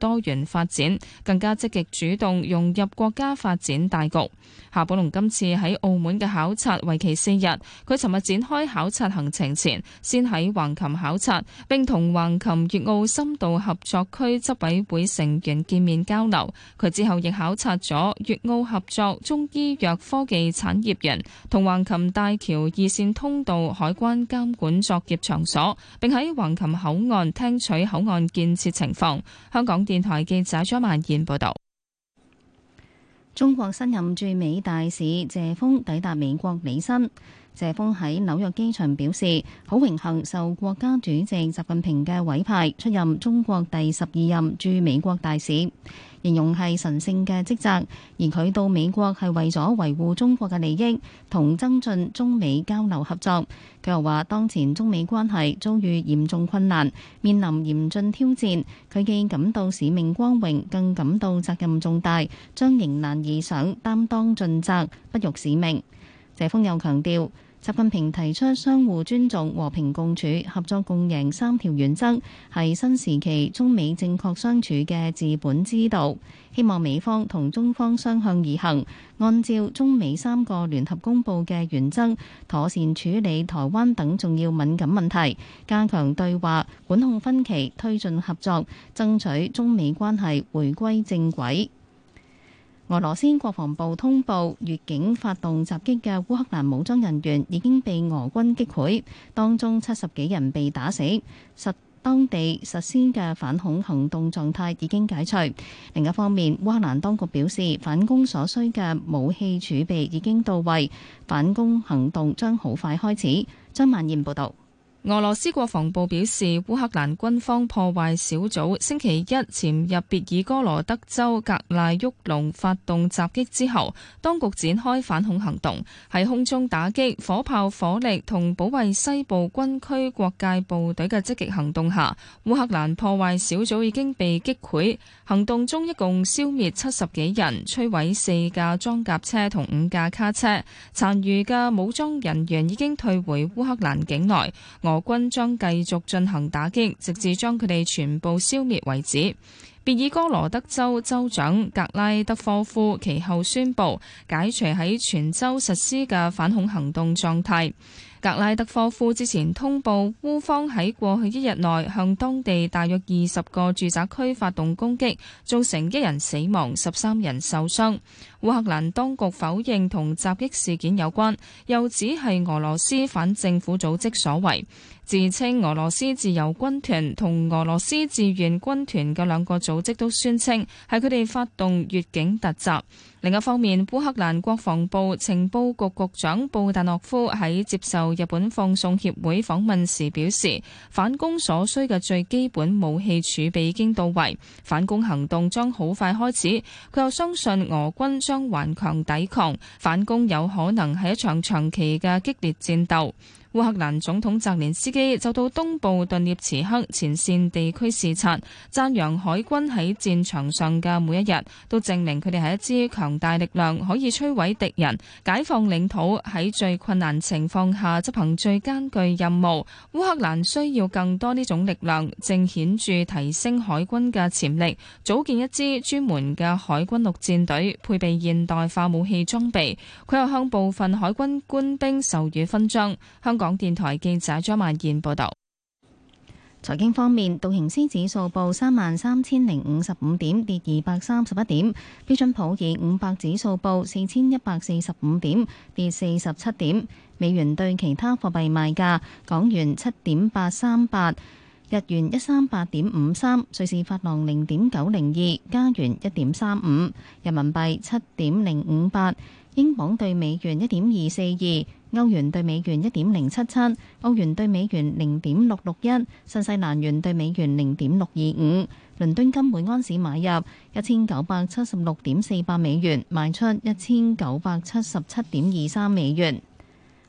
多元發展，更加積極主動融入國家發展大局。夏寶龍今次喺澳門嘅考察為期四日，佢尋日展開考察行程前，先喺橫琴考察，並同橫琴粵澳深度合作區執委會成員見面交流。佢之後亦考察咗粵澳合作中醫藥科技產業園，同橫琴大橋二線通道海關監管作業場所，並喺橫琴口岸聽取口岸建設情況。香港電台記者張曼燕報導。中國新任駐美大使謝鋒抵達美國履新。謝鋒喺紐約機場表示：好榮幸受國家主席習近平嘅委派，出任中國第十二任駐美國大使。形容係神聖嘅職責，而佢到美國係為咗維護中國嘅利益同增進中美交流合作。佢又話：當前中美關係遭遇嚴重困難，面臨嚴峻挑戰。佢既感到使命光榮，更感到責任重大，將迎難而上，擔當盡責，不辱使命。謝鋒又強調，習近平提出相互尊重、和平共處、合作共贏三條原則，係新時期中美正確相處嘅治本之道。希望美方同中方相向而行，按照中美三個聯合公布嘅原則妥善處理台灣等重要敏感問題，加強對話管控分歧，推進合作，爭取中美關係回歸正軌。俄羅斯國防部通報，越境發動襲擊嘅烏克蘭武裝人員已經被俄軍擊潰，當中七十幾人被打死。實當地實施嘅反恐行動狀態已經解除。另一方面，烏克蘭當局表示，反攻所需嘅武器儲備已經到位，反攻行動將好快開始。張曼燕報道。俄羅斯國防部表示，烏克蘭軍方破壞小組星期一潛入別爾哥羅德州格拉沃隆發動襲擊之後，當局展開反恐行動，喺空中打擊、火炮火力同保衛西部軍區國界部隊嘅積極行動下，烏克蘭破壞小組已經被擊潰。行動中一共消滅七十幾人，摧毀四架裝甲車同五架卡車，殘餘嘅武裝人員已經退回烏克蘭境內。俄軍將繼續進行打擊，直至將佢哋全部消滅為止。別爾哥羅德州州長格拉德科夫其後宣布解除喺全州實施嘅反恐行動狀態。格拉德科夫之前通報烏方喺過去一日內向當地大約二十個住宅區發動攻擊，造成一人死亡，十三人受傷。烏克蘭當局否認同襲擊事件有關，又指係俄羅斯反政府組織所為。自稱俄羅斯自由軍團同俄羅斯志願軍團嘅兩個組織都宣稱係佢哋發動越境突襲。另一方面，烏克蘭國防部情報局局長布達諾夫喺接受日本放送協會訪問時表示，反攻所需嘅最基本武器儲備已經到位，反攻行動將好快開始。佢又相信俄軍將頑強抵抗、反攻，有可能係一場長期嘅激烈戰鬥。烏克蘭總統澤連斯基就到東部頓涅茨克前線地區視察，讚揚海軍喺戰場上嘅每一日都證明佢哋係一支強大力量，可以摧毀敵人、解放領土。喺最困難情況下執行最艱鉅任務，烏克蘭需要更多呢種力量，正顯著提升海軍嘅潛力，組建一支專門嘅海軍陸戰隊，配備現代化武器裝備。佢又向部分海軍官兵授予勳章，向港電台記者張曼燕報道。財經方面，道瓊斯指數報三萬三千零五十五點，跌二百三十一點；標準普爾五百指數報四千一百四十五點，跌四十七點。美元兌其他貨幣賣價：港元七點八三八，日元一三八點五三，瑞士法郎零點九零二，加元一點三五，人民幣七點零五八，英鎊兌美元一點二四二。歐元對美元一點零七七，歐元對美元零點六六一，新西蘭元對美元零點六二五。倫敦金每安士買入一千九百七十六點四八美元，賣出一千九百七十七點二三美元。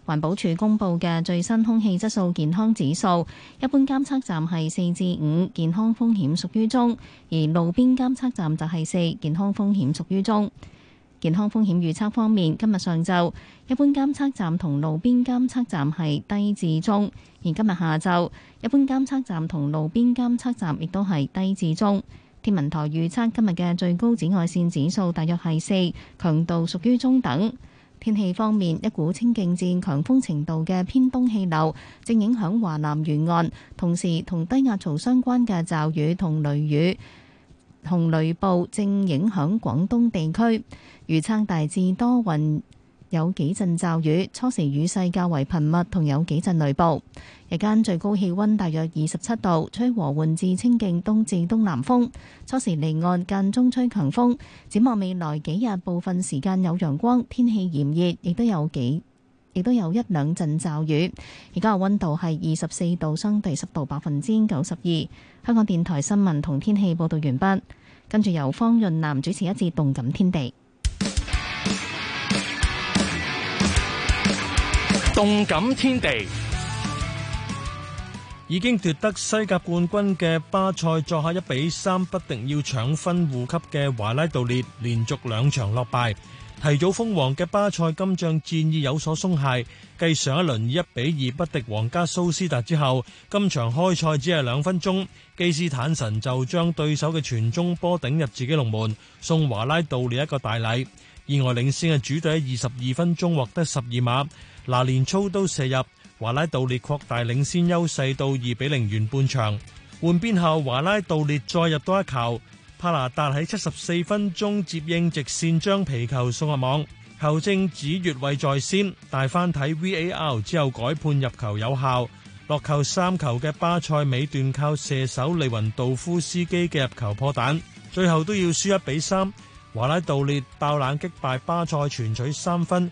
環保署公布嘅最新空氣質素健康指數，一般監測站係四至五，健康風險屬於中；而路邊監測站就係四，健康風險屬於中。健康風險預測方面，今日上晝一般監測站同路邊監測站係低至中，而今日下晝一般監測站同路邊監測站亦都係低至中。天文台預測今日嘅最高紫外線指數大約係四，強度屬於中等。天氣方面，一股清勁戰強風程度嘅偏東氣流正影響華南沿岸，同時同低壓槽相關嘅驟雨同雷雨同雷暴正影響廣東地區。預測大致多雲，有幾陣驟雨。初時雨勢較為頻密，同有幾陣雷暴。日間最高氣溫大約二十七度，吹和緩至清勁東至東南風。初時離岸間中吹強風。展望未來幾日，部分時間有陽光，天氣炎熱，亦都有幾亦都有一兩陣驟雨。而家嘅溫度係二十四度，相對濕度百分之九十二。香港電台新聞同天氣報道完畢，跟住由方潤南主持一節《動感天地》。動感天地。已經奪得西甲冠軍嘅巴塞，作客一比三不敵，要搶分護級嘅華拉道列連續兩場落敗，提早封王嘅巴塞金將戰意有所鬆懈。繼上一輪一比二不敵皇家蘇斯達之後，今場開賽只係兩分鐘，基斯坦神就將對手嘅傳中波頂入自己龍門，送華拉道列一個大禮。意外領先嘅主隊二十二分鐘獲得十二碼。嗱，連操都射入，華拉道列擴大領先優勢到二比零完半場。換邊後，華拉道列再入多一球，帕拿達喺七十四分鐘接應直線將皮球送入網，球證指越位在先，大翻睇 VAR 之後改判入球有效。落球三球嘅巴塞尾段靠射手利雲道夫斯基嘅入球破蛋，最後都要輸一比三，華拉道列爆冷擊敗巴塞，全取三分。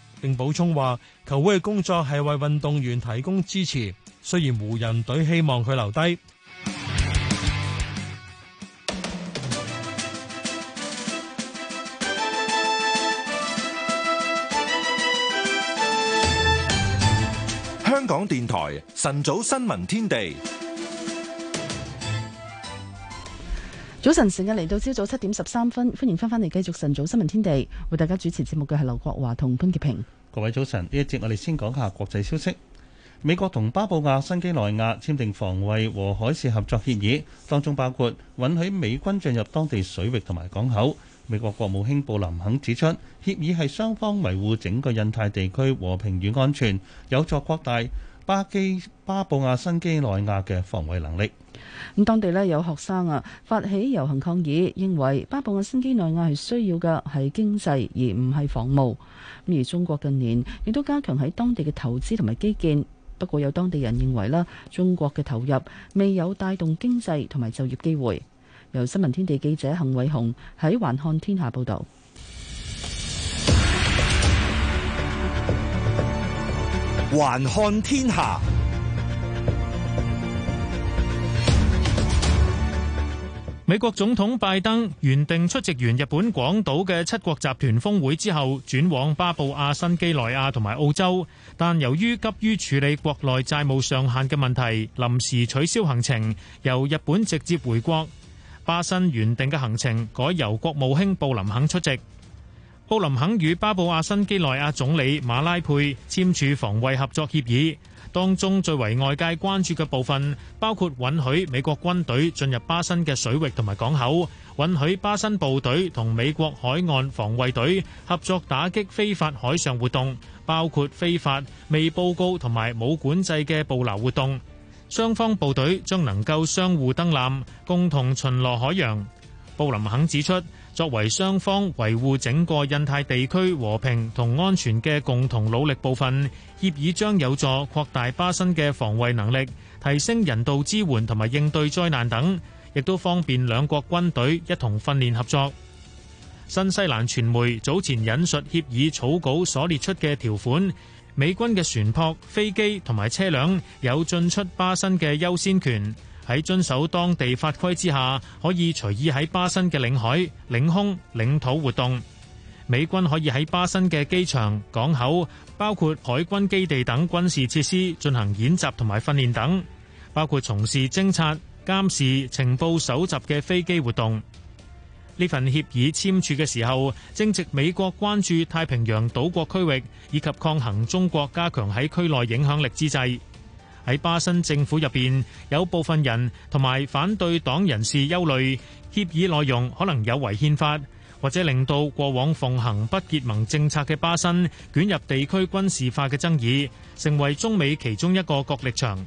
並補充話，球會嘅工作係為運動員提供支持。雖然湖人隊希望佢留低。香港電台晨早新聞天地。早晨，時間嚟到朝早七點十三分，歡迎翻返嚟繼續晨早新聞天地，為大家主持節目嘅係劉國華同潘潔平。各位早晨，呢一節我哋先講下國際消息。美國同巴布亞新畿內亞簽訂防衛和海事合作協議，當中包括允許美軍進入當地水域同埋港口。美國國務卿布林肯指出，協議係雙方維護整個印太地區和平與安全，有助擴大。巴基巴布亞新畿內亞嘅防衛能力，咁當地呢，有學生啊發起遊行抗議，認為巴布亞新畿內亞係需要嘅係經濟，而唔係防務。咁而中國近年亦都加強喺當地嘅投資同埋基建，不過有當地人認為啦，中國嘅投入未有帶動經濟同埋就業機會。由新聞天地記者幸偉雄喺環看天下報導。環看天下。美國總統拜登原定出席完日本廣島嘅七國集團峰會之後，轉往巴布亞新幾內亞同埋澳洲，但由於急於處理國內債務上限嘅問題，臨時取消行程，由日本直接回國。巴新原定嘅行程改由國務卿布林肯出席。布林肯與巴布亞新幾內亞總理馬拉佩簽署防衛合作協議，當中最為外界關注嘅部分包括允許美國軍隊進入巴新嘅水域同埋港口，允許巴新部隊同美國海岸防衛隊合作打擊非法海上活動，包括非法未報告同埋冇管制嘅捕魚活動。雙方部隊將能夠相互登艦，共同巡邏海洋。布林肯指出，作為雙方維護整個印太地區和平同安全嘅共同努力部分，協議將有助擴大巴新嘅防衛能力，提升人道支援同埋應對災難等，亦都方便兩國軍隊一同訓練合作。新西蘭傳媒早前引述協議草稿所列出嘅條款，美軍嘅船舶飛機同埋車輛有進出巴新嘅優先權。喺遵守當地法規之下，可以隨意喺巴新嘅領海、領空、領土活動。美軍可以喺巴新嘅機場、港口，包括海軍基地等軍事設施進行演習同埋訓練等，包括從事偵察、監視、情報搜集嘅飛機活動。呢份協議簽署嘅時候，正值美國關注太平洋島國區域以及抗衡中國加強喺區內影響力之際。喺巴新政府入邊，有部分人同埋反對黨人士憂慮協議內容可能有違憲法，或者令到過往奉行不結盟政策嘅巴新捲入地區軍事化嘅爭議，成為中美其中一個角力場。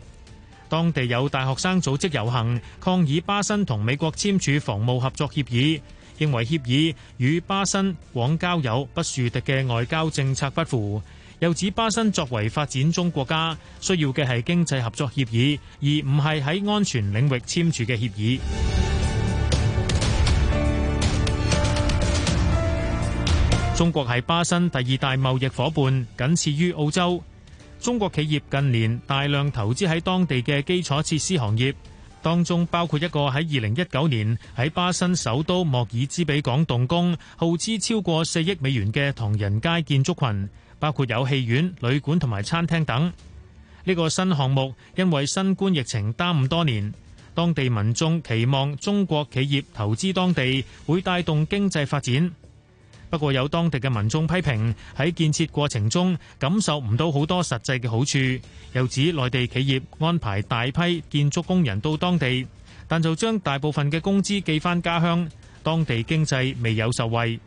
當地有大學生組織遊行，抗議巴新同美國簽署防務合作協議，認為協議與巴新廣交友不樹敵嘅外交政策不符。又指巴新作為發展中國家，需要嘅係經濟合作協議，而唔係喺安全領域簽署嘅協議。 中國係巴新第二大貿易夥伴，僅次於澳洲。中國企業近年大量投資喺當地嘅基礎設施行業，當中包括一個喺二零一九年喺巴新首都莫爾茲比港動工、耗資超過四億美元嘅唐人街建築群。包括有戲院、旅館同埋餐廳等。呢個新項目因為新冠疫情耽誤多年，當地民眾期望中國企業投資當地會帶動經濟發展。不過有當地嘅民眾批評喺建設過程中感受唔到好多實際嘅好處，又指內地企業安排大批建築工人到當地，但就將大部分嘅工資寄返家鄉，當地經濟未有受惠。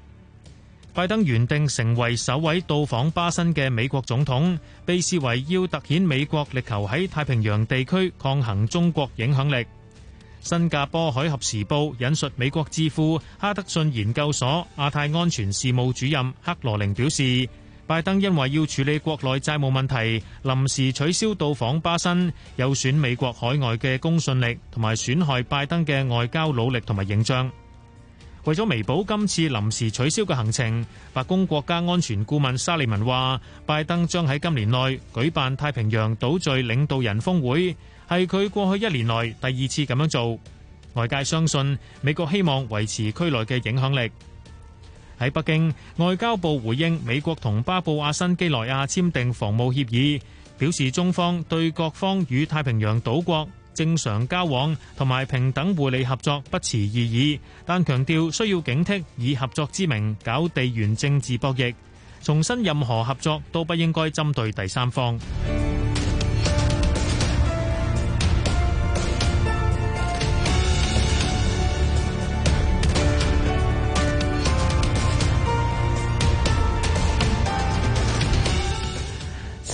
拜登原定成為首位到訪巴新嘅美國總統，被視為要突顯美國力求喺太平洋地區抗衡中國影響力。新加坡《海峽時報》引述美國智庫哈德遜研究所亞太安全事務主任克羅寧表示，拜登因為要處理國內債務問題，臨時取消到訪巴新，有損美國海外嘅公信力，同埋損害拜登嘅外交努力同埋形象。為咗彌補今次臨時取消嘅行程，白宮國家安全顧問沙利文話：拜登將喺今年內舉辦太平洋島嶼領導人峰會，係佢過去一年內第二次咁樣做。外界相信美國希望維持區內嘅影響力。喺北京，外交部回應美國同巴布亞新畿內亞簽訂防務協議，表示中方對各方與太平洋島國正常交往同埋平等互利合作不持異議，但強調需要警惕以合作之名搞地緣政治博弈，重申任何合作都不應該針對第三方。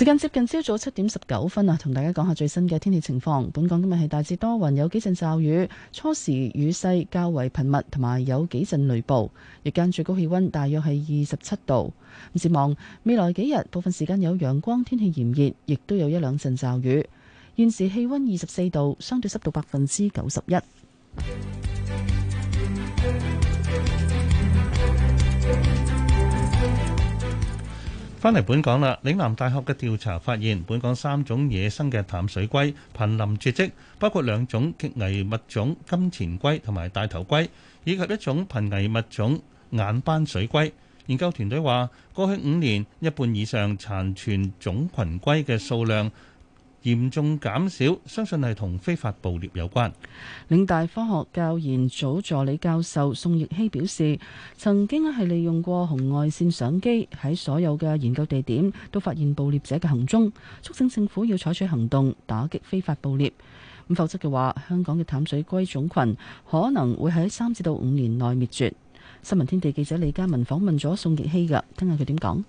時間接近朝早七點十九分啊，同大家講下最新嘅天氣情況。本港今日係大致多雲，有幾陣驟雨，初時雨勢較為頻密，同埋有幾陣雷暴。日間最高氣溫大約係二十七度。咁展望未來幾日，部分時間有陽光，天氣炎熱，亦都有一兩陣驟雨。現時氣溫二十四度，相對濕度百分之九十一。翻嚟本港啦！嶺南大學嘅調查發現，本港三種野生嘅淡水龜瀕臨絕跡，包括兩種極危物種金錢龜同埋大頭龜，以及一種瀕危物種眼斑水龜。研究團隊話，過去五年，一半以上殘存種群龜嘅數量。嚴重減少，相信係同非法捕獵有關。嶺大科學教研組助理教授宋亦希表示，曾經啊係利用過紅外線相機，喺所有嘅研究地點都發現捕獵者嘅行蹤，促請政府要採取行動打擊非法捕獵。咁否則嘅話，香港嘅淡水龜種群可能會喺三至到五年內滅絕。新聞天地記者李嘉文訪問咗宋亦希噶，聽下佢點講。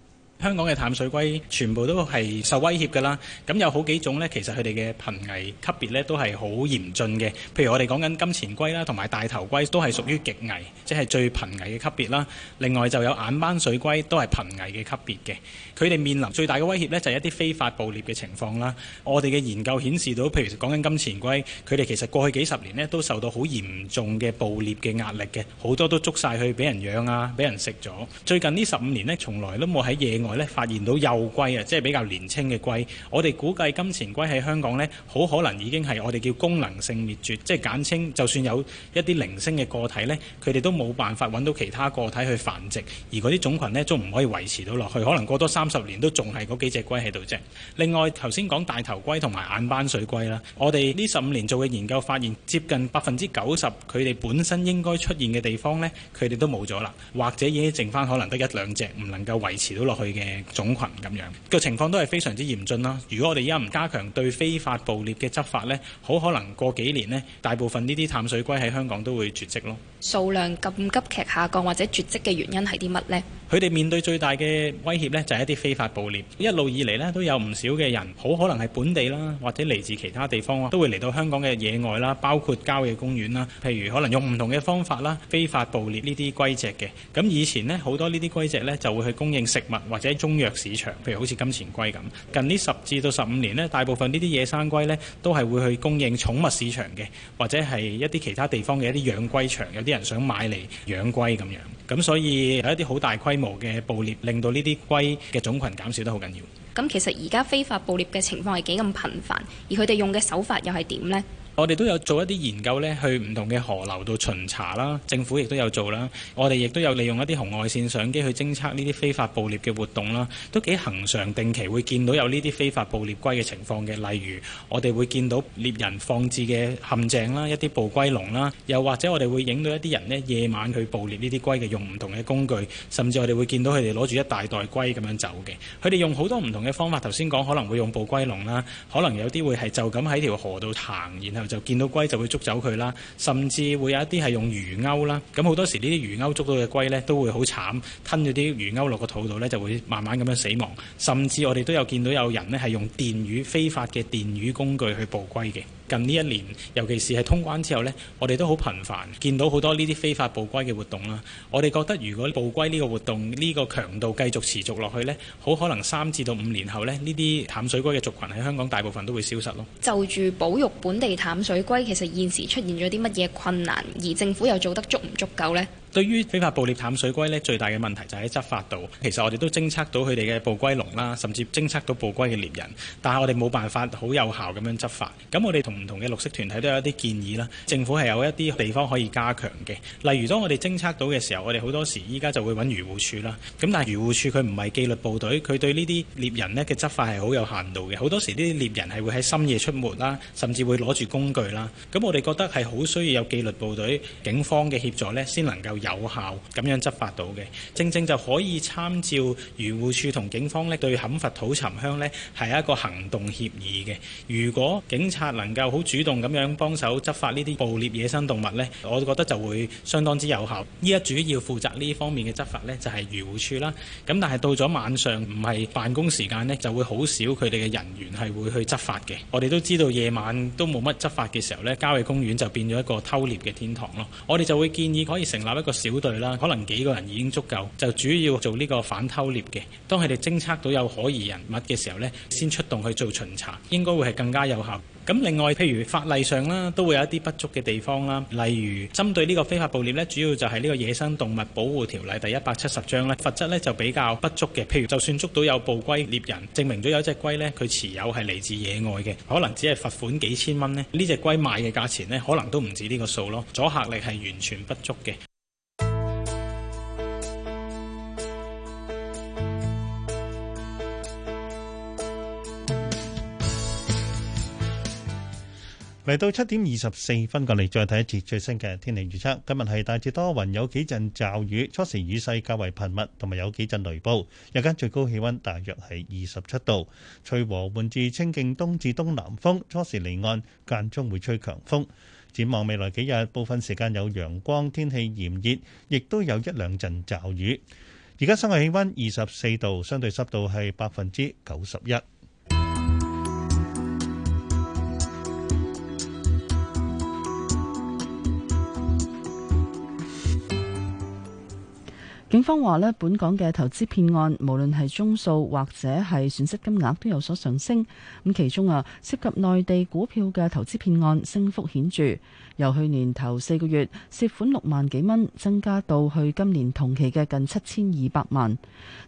香港嘅淡水龜全部都係受威脅㗎啦，咁、嗯、有好幾種呢，其實佢哋嘅瀕危級別呢都係好嚴峻嘅。譬如我哋講緊金錢龜啦，同埋大頭龜都係屬於極危，即係最瀕危嘅級別啦。另外就有眼斑水龜都係瀕危嘅級別嘅。佢哋面臨最大嘅威脅呢，就係、是、一啲非法捕獵嘅情況啦。我哋嘅研究顯示到，譬如講緊金錢龜，佢哋其實過去幾十年呢都受到好嚴重嘅捕獵嘅壓力嘅，好多都捉晒去俾人養啊，俾人食咗。最近呢十五年呢，從來都冇喺野外咧發現到幼龜啊，即係比較年輕嘅龜。我哋估計金錢龜喺香港呢，好可能已經係我哋叫功能性滅絕，即係簡稱，就算有一啲零星嘅個體呢，佢哋都冇辦法揾到其他個體去繁殖，而嗰啲種群呢，都唔可以維持到落去。可能過多三十年都仲係嗰幾隻龜喺度啫。另外頭先講大頭龜同埋眼斑水龜啦，我哋呢十五年做嘅研究發現，接近百分之九十佢哋本身應該出現嘅地方呢，佢哋都冇咗啦，或者已經剩翻可能得一兩隻，唔能夠維持到落去。嘅種群咁樣，個情況都係非常之嚴峻啦。如果我哋依家唔加強對非法捕獵嘅執法呢，好可能過幾年呢，大部分呢啲淡水龜喺香港都會絕跡咯。數量咁急劇下降或者絕跡嘅原因係啲乜呢？佢哋面對最大嘅威脅呢，就係一啲非法捕獵。一路以嚟呢，都有唔少嘅人，好可能係本地啦，或者嚟自其他地方啊，都會嚟到香港嘅野外啦，包括郊野公園啦，譬如可能用唔同嘅方法啦，非法捕獵呢啲龜隻嘅。咁以前呢，好多呢啲龜隻呢就會去供應食物或或者中藥市場，譬如好似金錢龜咁，近呢十至到十五年呢，大部分呢啲野生龜呢都係會去供應寵物市場嘅，或者係一啲其他地方嘅一啲養龜場，有啲人想買嚟養龜咁樣。咁所以有一啲好大規模嘅捕獵，令到呢啲龜嘅種群減少得好緊要。咁其實而家非法捕獵嘅情況係幾咁頻繁，而佢哋用嘅手法又係點呢？我哋都有做一啲研究咧，去唔同嘅河流度巡查啦。政府亦都有做啦。我哋亦都有利用一啲紅外線相機去偵測呢啲非法捕獵嘅活動啦。都幾恆常，定期會見到有呢啲非法捕獵龜嘅情況嘅。例如，我哋會見到獵人放置嘅陷阱啦，一啲捕龜籠啦，又或者我哋會影到一啲人咧夜晚去捕獵呢啲龜嘅，用唔同嘅工具，甚至我哋會見到佢哋攞住一大袋龜咁樣走嘅。佢哋用好多唔同嘅方法，頭先講可能會用捕龜籠啦，可能有啲會係就咁喺條河度行，然後～就見到龜就會捉走佢啦，甚至會有一啲係用魚鈎啦，咁好多時呢啲魚鈎捉到嘅龜呢，都會好慘，吞咗啲魚鈎落個肚度呢，就會慢慢咁樣死亡，甚至我哋都有見到有人呢，係用電魚，非法嘅電魚工具去捕龜嘅。近呢一年，尤其是係通關之後呢，我哋都好頻繁見到好多呢啲非法捕龜嘅活動啦。我哋覺得如果捕龜呢個活動呢個強度繼續持續落去呢，好可能三至到五年後呢，呢啲淡水龜嘅族群喺香港大部分都會消失咯。就住保育本地淡水龜，其實現時出現咗啲乜嘢困難，而政府又做得足唔足夠呢？對於非法捕獵淡水龜呢，最大嘅問題就喺執法度。其實我哋都偵測到佢哋嘅捕龜籠啦，甚至偵測到捕龜嘅獵人，但係我哋冇辦法好有效咁樣執法。咁我哋同唔同嘅綠色團體都有一啲建議啦。政府係有一啲地方可以加強嘅，例如當我哋偵測到嘅時候，我哋好多時依家就會揾漁護署啦。咁但係漁護署佢唔係紀律部隊，佢對呢啲獵人呢嘅執法係好有限度嘅。好多時呢啲獵人係會喺深夜出沒啦，甚至會攞住工具啦。咁我哋覺得係好需要有紀律部隊、警方嘅協助呢，先能夠有效咁樣執法到嘅。正正就可以參照漁護署同警方咧，對砍伐土沉香咧，係一個行動協議嘅。如果警察能夠好主動咁樣幫手執法呢啲捕獵野生動物咧，我覺得就會相當之有效。依家主要負責呢方面嘅執法咧，就係漁護署啦。咁但係到咗晚上唔係辦公時間咧，就會好少佢哋嘅人員係會去執法嘅。我哋都知道夜晚都冇乜執法嘅時候咧，郊野公園就變咗一個偷獵嘅天堂咯。我哋就會建議可以成立一個。小隊啦，可能幾個人已經足夠，就主要做呢個反偷獵嘅。當佢哋偵測到有可疑人物嘅時候呢，先出動去做巡查，應該會係更加有效。咁另外，譬如法例上啦，都會有一啲不足嘅地方啦，例如針對呢個非法捕獵呢，主要就係呢個野生動物保護條例第一百七十章呢，罰則呢就比較不足嘅。譬如就算捉到有捕龜獵人，證明咗有一隻龜呢，佢持有係嚟自野外嘅，可能只係罰款幾千蚊呢。呢隻龜賣嘅價錢呢，可能都唔止呢個數咯，阻嚇力係完全不足嘅。嚟到七點二十四分，過嚟再睇一次最新嘅天氣預測。今日係大致多雲，有幾陣驟雨，初時雨勢較為頻密，同埋有幾陣雷暴。日間最高氣温大約係二十七度，吹和緩至清勁東至東南風，初時離岸，間中會吹強風。展望未來幾日，部分時間有陽光，天氣炎熱，亦都有一兩陣驟雨。而家室外氣温二十四度，相對濕度係百分之九十一。警方話咧，本港嘅投資騙案，無論係宗數或者係損失金額都有所上升。咁其中啊，涉及內地股票嘅投資騙案升幅顯著，由去年頭四個月涉款六萬幾蚊，增加到去今年同期嘅近七千二百萬。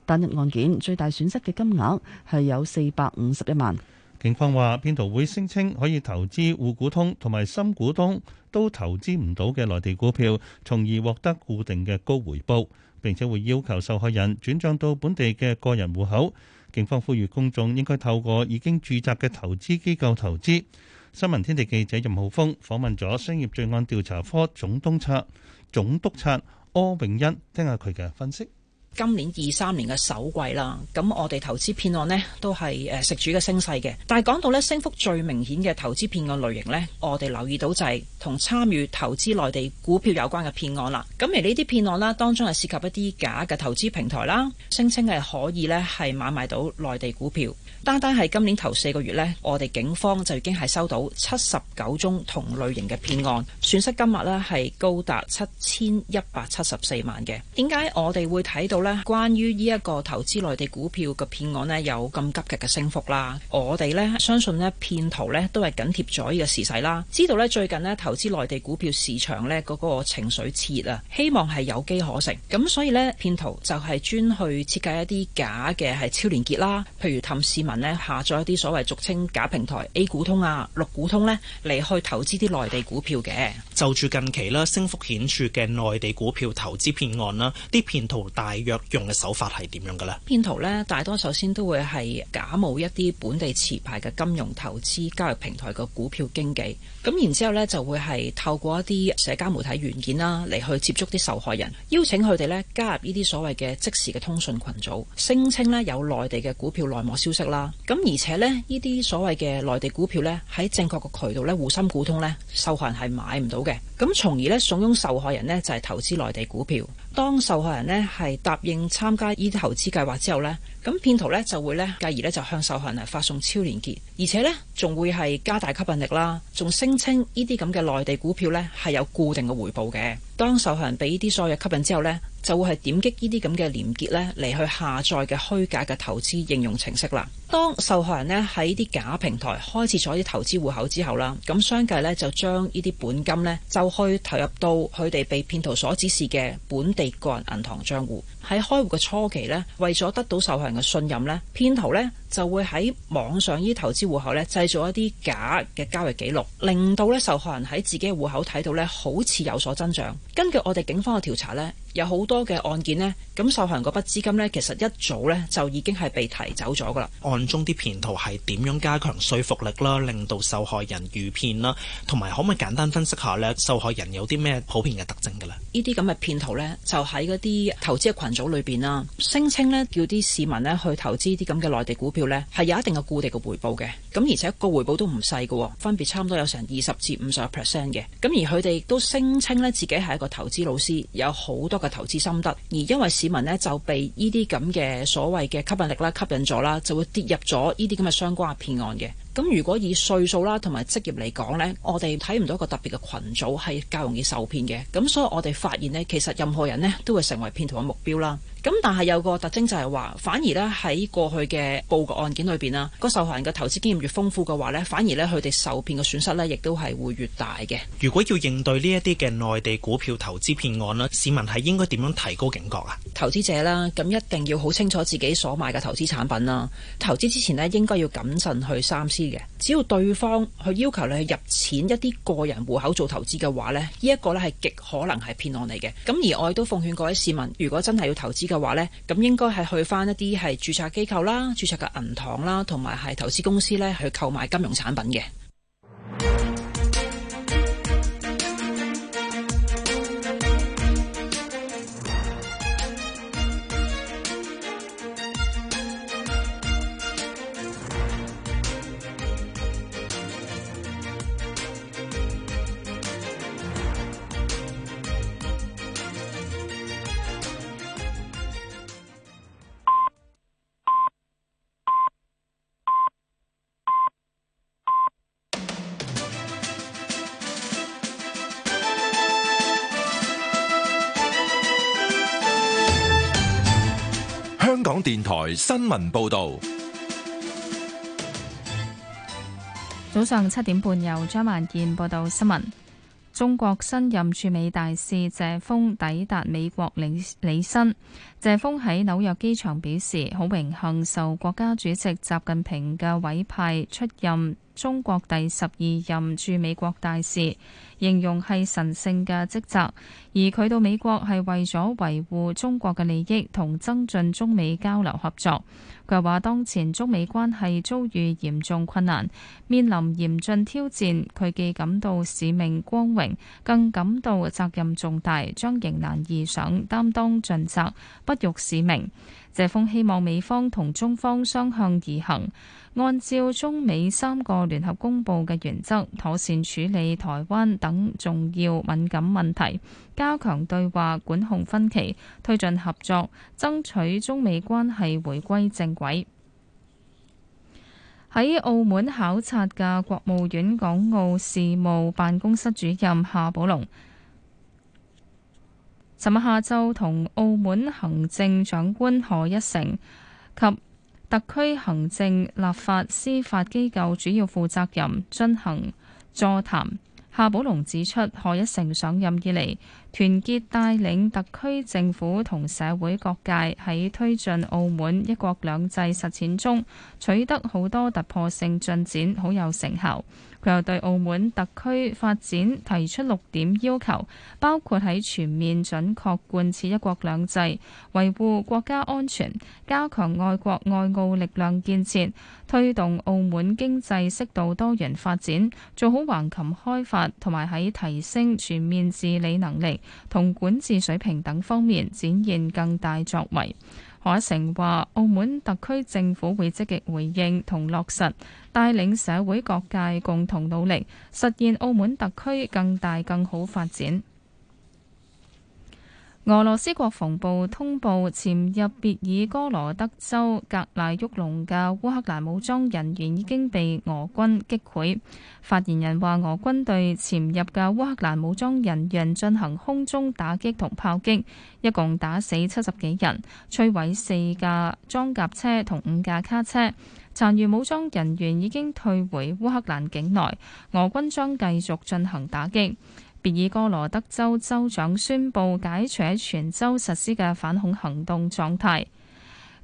單日案件最大損失嘅金額係有四百五十一萬。警方話，騙徒會聲稱可以投資滬股通同埋深股通都投資唔到嘅內地股票，從而獲得固定嘅高回報。並且會要求受害人轉賬到本地嘅個人戶口。警方呼籲公眾應該透過已經注冊嘅投資機構投資。新聞天地記者任浩峰訪問咗商業罪案調查科總督察、總督察柯永恩聽下佢嘅分析。今年二三年嘅首季啦，咁我哋投資騙案呢都係誒食住嘅升勢嘅，但係講到呢升幅最明顯嘅投資騙案類型呢，我哋留意到就係同參與投資內地股票有關嘅騙案啦。咁而呢啲騙案啦，當中係涉及一啲假嘅投資平台啦，聲稱係可以呢係買賣到內地股票。單單係今年頭四個月呢，我哋警方就已經係收到七十九宗同類型嘅騙案，損失金額呢係高達七千一百七十四萬嘅。點解我哋會睇到呢？關於呢一個投資內地股票嘅騙案呢，有咁急劇嘅升幅啦。我哋呢相信呢騙徒呢都係緊貼咗呢個時勢啦。知道呢最近呢投資內地股票市場呢嗰個情緒熾熱啊，希望係有機可乘。咁所以呢，騙徒就係專去設計一啲假嘅係超連結啦，譬如氹市民。咧下載一啲所謂俗稱假平台 A 股通啊、六股通呢嚟去投資啲內地股票嘅。就住近期咧升幅顯著嘅內地股票投資騙案啦，啲騙徒大約用嘅手法係點樣嘅呢？騙徒呢大多首先都會係假冒一啲本地持牌嘅金融投資交易平台嘅股票經紀，咁然之後呢，就會係透過一啲社交媒體軟件啦嚟去接觸啲受害人，邀請佢哋呢加入呢啲所謂嘅即時嘅通訊群組，聲稱呢有內地嘅股票內幕消息啦。咁而且呢，呢啲所謂嘅內地股票呢，喺正確嘅渠道呢，滬深股通呢，受害人係買唔到嘅。咁從而呢，慫恿受害人呢，就係投資內地股票。當受害人呢，係答應參加呢啲投資計劃之後呢，咁騙徒呢，就會呢，繼而呢，就向受害人發送超連結，而且呢，仲會係加大吸引力啦，仲聲稱呢啲咁嘅內地股票呢，係有固定嘅回報嘅。當受害人俾呢啲所謂吸引之後呢，就會係點擊呢啲咁嘅連結呢，嚟去下載嘅虛假嘅投資應用程式啦。當受害人呢，喺啲假平台開設咗啲投資戶口之後啦，咁相繼呢，就將呢啲本金呢，就去投入到佢哋被騙徒所指示嘅本地個人銀行賬戶。喺開戶嘅初期呢，為咗得到受害人嘅信任呢，騙徒呢，就會喺網上呢啲投資戶口呢，製造一啲假嘅交易記錄，令到呢受害人喺自己嘅戶口睇到呢，好似有所增長。根據我哋警方嘅調查呢，有好多嘅案件呢，咁受害人嗰筆資金呢，其實一早呢，就已經係被提走咗噶啦 案中啲騙徒係點樣加強說服力啦，令到受害人遇騙啦，同埋可唔可以簡單分析下呢？受害人有啲咩普遍嘅特徵㗎啦？呢啲咁嘅騙徒呢，就喺嗰啲投資嘅群組裏邊啦，聲稱呢叫啲市民呢去投資啲咁嘅內地股票呢，係有一定嘅固定嘅回報嘅。咁而且個回報都唔細嘅，分別差唔多有成二十至五十個 percent 嘅。咁而佢哋都聲稱呢，自己係一個投資老師，有好多嘅投資心得。而因為市民呢，就被呢啲咁嘅所謂嘅吸引力啦吸引咗啦，就會跌入咗呢啲咁嘅相關嘅騙案嘅。咁如果以歲數啦同埋職業嚟講呢，我哋睇唔到一個特別嘅群組係較容易受騙嘅。咁所以我哋發現呢，其實任何人呢都會成為騙徒嘅目標啦。咁但係有個特徵就係話，反而呢喺過去嘅報告案件裏邊啦，個受害人嘅投資經驗越豐富嘅話呢，反而呢佢哋受騙嘅損失呢亦都係會越大嘅。如果要應對呢一啲嘅內地股票投資騙案啦，市民係應該點樣提高警覺啊？投資者啦，咁一定要好清楚自己所買嘅投資產品啦。投資之前呢，應該要謹慎去三思。只要對方去要求你入錢一啲個人戶口做投資嘅話咧，呢、呢、一個咧係極可能係騙案嚟嘅。咁而我亦都奉勸各位市民，如果真係要投資嘅話呢，咁應該係去返一啲係註冊機構啦、註冊嘅銀行啦，同埋係投資公司呢去購買金融產品嘅。台新聞報導，早上七點半由張萬健報道新聞。中國新任駐美大使謝鋒抵達美國履履新。謝鋒喺紐約機場表示，好榮幸受國家主席習近平嘅委派出任。中國第十二任駐美國大使形容係神聖嘅職責，而佢到美國係為咗維護中國嘅利益同增進中美交流合作。佢話當前中美關係遭遇嚴重困難，面臨嚴峻挑戰，佢既感到使命光榮，更感到責任重大，將迎難而上，擔當盡責，不辱使命。謝鋒希望美方同中方相向而行，按照中美三個聯合公佈嘅原則，妥善處理台灣等重要敏感問題，加強對話，管控分歧，推進合作，爭取中美關係回歸正軌。喺澳門考察嘅國務院港澳事務辦公室主任夏寶龍，琴日下晝同澳門行政長官賀一誠及特區行政立法司法機構主要負責人進行座談。夏寶龍指出，賀一誠上任以嚟，團結帶領特區政府同社會各界喺推進澳門一國兩制實踐中取得好多突破性進展，好有成效。佢又對澳門特區發展提出六點要求，包括喺全面準確貫徹一國兩制、維護國家安全、加強愛國愛澳力量建設、推動澳門經濟適度多元發展、做好橫琴開發，同埋喺提升全面治理能力同管治水平等方面，展現更大作為。海誠話：澳門特區政府會積極回應同落實，帶領社會各界共同努力，實現澳門特區更大更好發展。俄羅斯國防部通報，潛入別爾哥羅德州格拉沃龍嘅烏克蘭武裝人員已經被俄軍擊潰。發言人話：俄軍對潛入嘅烏克蘭武裝人員進行空中打擊同炮擊，一共打死七十幾人，摧毀四架裝甲車同五架卡車。殘餘武裝人員已經退回烏克蘭境內，俄軍將繼續進行打擊。別爾哥羅德州州長宣布解除喺全州實施嘅反恐行動狀態。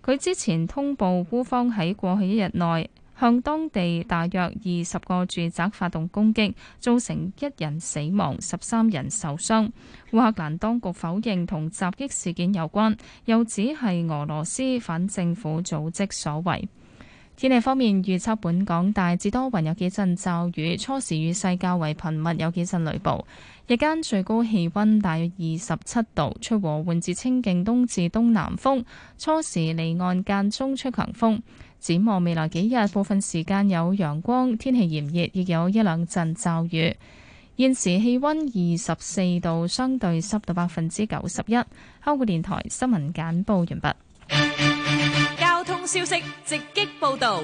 佢之前通報烏方喺過去一日內向當地大約二十個住宅發動攻擊，造成一人死亡、十三人受傷。烏克蘭當局否認同襲擊事件有關，又指係俄羅斯反政府組織所為。天氣方面，預測本港大致多雲，有幾陣驟雨，初時雨勢較為頻密，有幾陣雷暴。日間最高氣溫大約二十七度，吹和緩至清勁東至東南風，初時離岸間中吹強風。展望未來幾日，部分時間有陽光，天氣炎熱，亦有一兩陣驟雨。現時氣溫二十四度，相對濕度百分之九十一。香港電台新聞簡報完畢。消息直擊報道。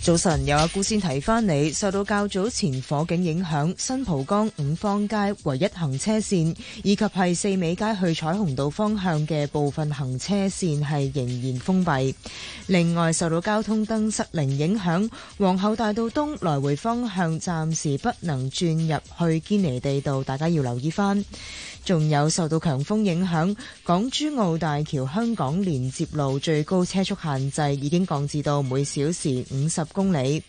早晨，有阿姑先提翻你，受到較早前火警影響，新蒲崗五芳街唯一行車線以及係四美街去彩虹道方向嘅部分行車線係仍然封閉。另外，受到交通燈失靈影響，皇后大道東來回方向暫時不能轉入去堅尼地道，大家要留意翻。仲有受到強風影響，港珠澳大橋香港連接路最高車速限制已經降至到每小時五十公里。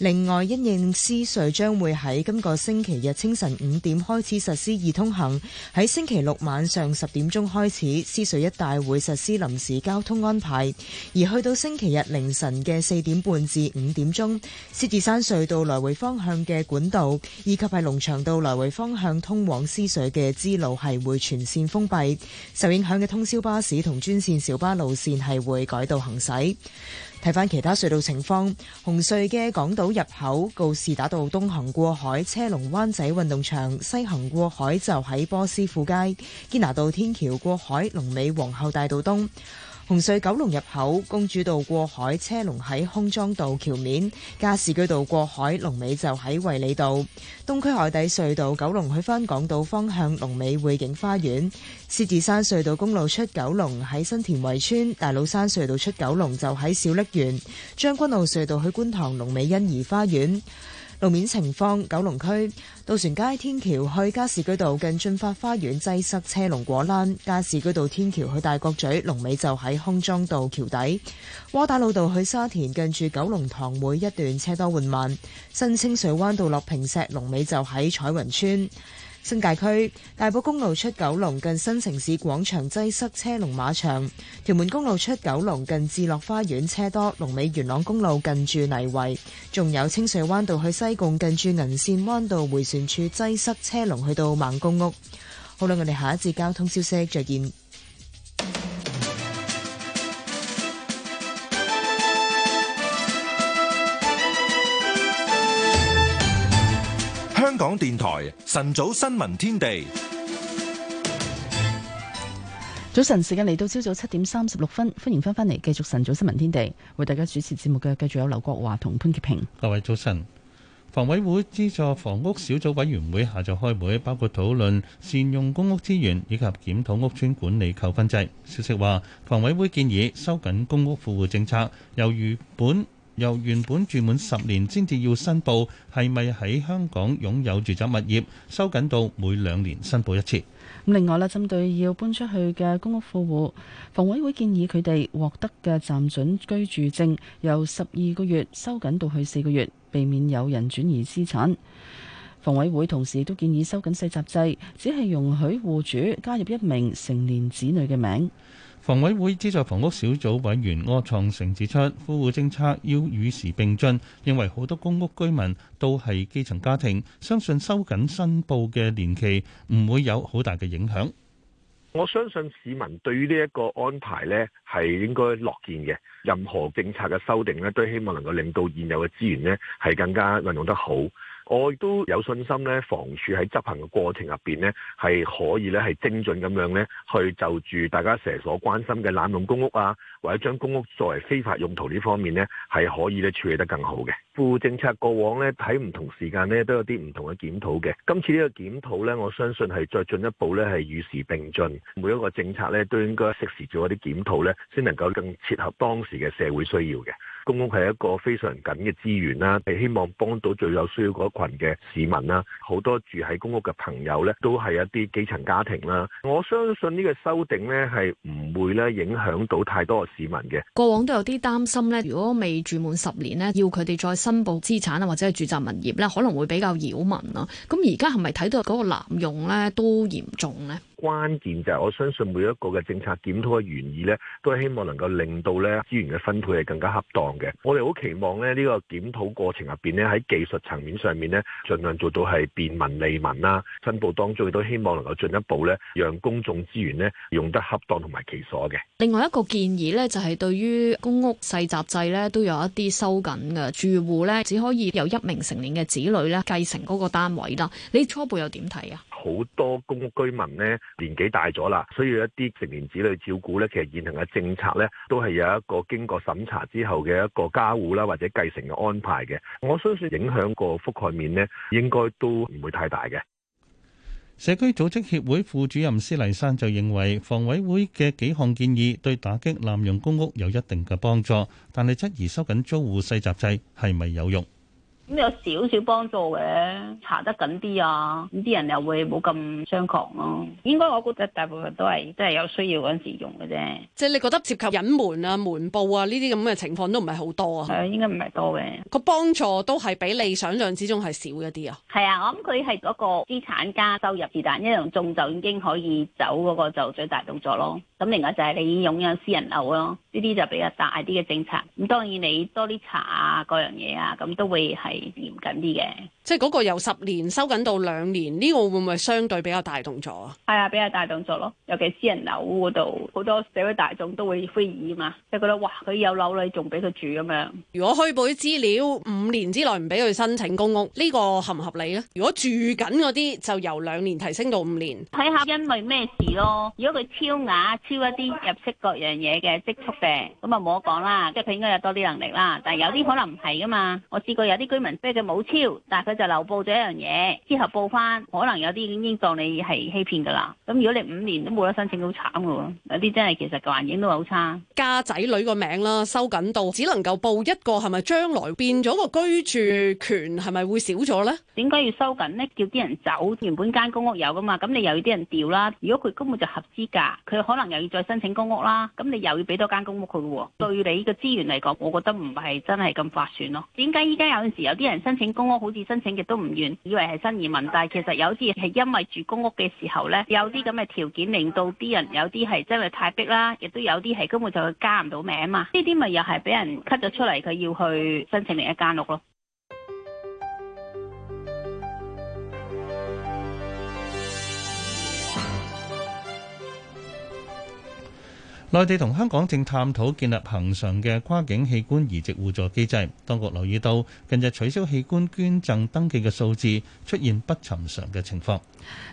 另外，因應獅隧將會喺今個星期日清晨五點開始實施易通行，喺星期六晚上十點鐘開始，獅隧一帶會實施臨時交通安排。而去到星期日凌晨嘅四點半至五點鐘，獅子山隧道來回方向嘅管道，以及喺龍翔道來回方向通往獅隧嘅支路係會全線封閉。受影響嘅通宵巴士同專線小巴路線係會改道行駛。睇返其他隧道情況，紅隧嘅港島入口告士打道東行過海，車龍灣仔運動場西行過海就喺波斯富街堅拿道天橋過海，龍尾皇后大道東。紅隧九龍入口，公主道過海車龍喺康莊道橋面；加士居道過海龍尾就喺衛理道。東區海底隧道九龍去返港島方向龍尾匯景花園；獅子山隧道公路出九龍喺新田圍村；大老山隧道出九龍就喺小瀝源；將軍澳隧道去觀塘龍尾欣怡花園。路面情況：九龍區渡船街天橋去加士居道近駿發花園擠塞車龍果欄；加士居道天橋去大角咀龍尾就喺康莊道橋底；窩打老道去沙田近住九龍塘每一段車多緩慢；新清水灣道落坪石龍尾就喺彩雲村。新界區大埔公路出九龍近新城市廣場擠塞車龍馬場，屯門公路出九龍近智樂花園車多，龍尾元朗公路近住泥圍，仲有清水灣道去西貢近住銀線灣道回旋處擠塞車龍去到孟公屋。好啦，我哋下一節交通消息再見。香港電台晨早新聞天地，早晨時間嚟到，朝早七點三十六分，歡迎翻返嚟，繼續晨早新聞天地，為大家主持節目嘅，繼續有劉國華同潘潔平。各位早晨，房委會資助房屋小組委員會下晝開會，包括討論善用公屋資源以及檢討屋邨管理扣分制。消息話，房委會建議收緊公屋富戶政策，由原本。由原本住滿十年先至要申報，係咪喺香港擁有住宅物業，收緊到每兩年申報一次。咁另外啦，針對要搬出去嘅公屋富戶，戶，房委會建議佢哋獲得嘅暫準居住證由十二個月收緊到去四個月，避免有人轉移資產，房委會同時都建議收緊細集制，只係容許戶主加入一名成年子女嘅名。房委會資助房屋小組委員柯創成指出，富戶政策要與時並進，認為好多公屋居民都係基層家庭，相信收緊申報嘅年期唔會有好大嘅影響。我相信市民對於呢一個安排呢係應該樂見嘅，任何政策嘅修訂呢都希望能夠令到現有嘅資源呢係更加運用得好。我亦都有信心咧，房署喺執行嘅過程入邊，咧，係可以咧係精準咁樣，咧，去就住大家成日所關心嘅濫用公屋啊。或者將公屋作為非法用途呢方面呢，係可以咧處理得更好嘅。副政策過往呢，喺唔同時間呢都有啲唔同嘅檢討嘅。今次呢個檢討呢，我相信係再進一步呢，係與時並進。每一個政策呢，都應該適時做一啲檢討呢，先能夠更切合當時嘅社會需要嘅。公屋係一個非常緊嘅資源啦，係希望幫到最有需要嗰羣嘅市民啦。好多住喺公屋嘅朋友呢，都係一啲基層家庭啦。我相信呢個修訂呢，係唔會咧影響到太多。市民嘅，過往都有啲擔心咧，如果未住滿十年咧，要佢哋再申報資產啊，或者係住宅物業咧，可能會比較擾民咯。咁而家係咪睇到嗰個濫用咧都嚴重咧？關鍵就係我相信每一個嘅政策檢討嘅原意咧，都係希望能夠令到咧資源嘅分配係更加恰當嘅。我哋好期望咧呢個檢討過程入邊咧，喺技術層面上面咧，儘量做到係便民利民啦。申報當中亦都希望能夠進一步咧，讓公眾資源咧用得恰當同埋其所嘅。另外一個建議咧，就係對於公屋世襲制咧都有一啲收緊嘅，住戶咧只可以有一名成年嘅子女咧繼承嗰個單位啦。你初步又點睇啊？好多公屋居民呢年紀大咗啦，需要一啲成年子女照顧咧。其實現行嘅政策咧，都係有一個經過審查之後嘅一個家戶啦，或者繼承嘅安排嘅。我相信影響個覆蓋面咧，應該都唔會太大嘅。社區組織協會副主任施麗珊就認為房委會嘅幾項建議對打擊濫用公屋有一定嘅幫助，但係質疑收緊租戶細集制係咪有用。咁有少少幫助嘅，查得緊啲啊！咁啲人又會冇咁猖狂咯。應該我覺得大部分都係即係有需要嗰陣時用嘅啫。即係你覺得涉及隱瞞啊、瞞報啊呢啲咁嘅情況都唔係好多啊？係啊，應該唔係多嘅。個幫助都係比你想像之中係少一啲啊。係啊，我諗佢係嗰個資產加收入，是但一樣中就已經可以走嗰個就最大動作咯。咁另外就係你擁有私人樓咯，呢啲就比較大啲嘅政策。咁當然你多啲查啊，各樣嘢啊，咁都會係。嚴謹啲嘅，即係嗰個由十年收緊到兩年，呢個會唔會相對比較大動作啊？係啊，比較大動作咯，尤其私人樓嗰度，好多社會大眾都會非議嘛，即係覺得哇，佢有樓啦，仲俾佢住咁樣。如果虛報資料五年之內唔俾佢申請公屋，呢個合唔合理咧？如果住緊嗰啲就由兩年提升到五年，睇下因為咩事咯。如果佢超額、超一啲入息各樣嘢嘅積蓄嘅，咁啊冇得講啦，即係佢應該有多啲能力啦。但係有啲可能唔係噶嘛，我試過有啲居民。即佢冇超，但佢就漏報咗一樣嘢，之後報翻，可能有啲已經當你係欺騙㗎啦。咁如果你五年都冇得申請，好慘噶喎。有啲真係其實個環境都好差。家仔女個名啦，收緊到，只能夠報一個，係咪將來變咗個居住權，係咪會少咗咧？點解要收緊呢？叫啲人走，原本間公屋有噶嘛，咁你又要啲人調啦。如果佢根本就合資格，佢可能又要再申請公屋啦，咁你又要俾多間公屋佢喎。對你個資源嚟講，我覺得唔係真係咁划算咯。點解依家有陣時有？啲人申請公屋好似申請嘅都唔願，以為係新移民，但係其實有啲係因為住公屋嘅時候呢，有啲咁嘅條件令到啲人有啲係真係太逼啦，亦都有啲係根本就加唔到名嘛，呢啲咪又係俾人 cut 咗出嚟，佢要去申請另一間屋咯。內地同香港正探討建立恆常嘅跨境器官移植互助機制。當局留意到，近日取消器官捐贈登記嘅數字出現不尋常嘅情況。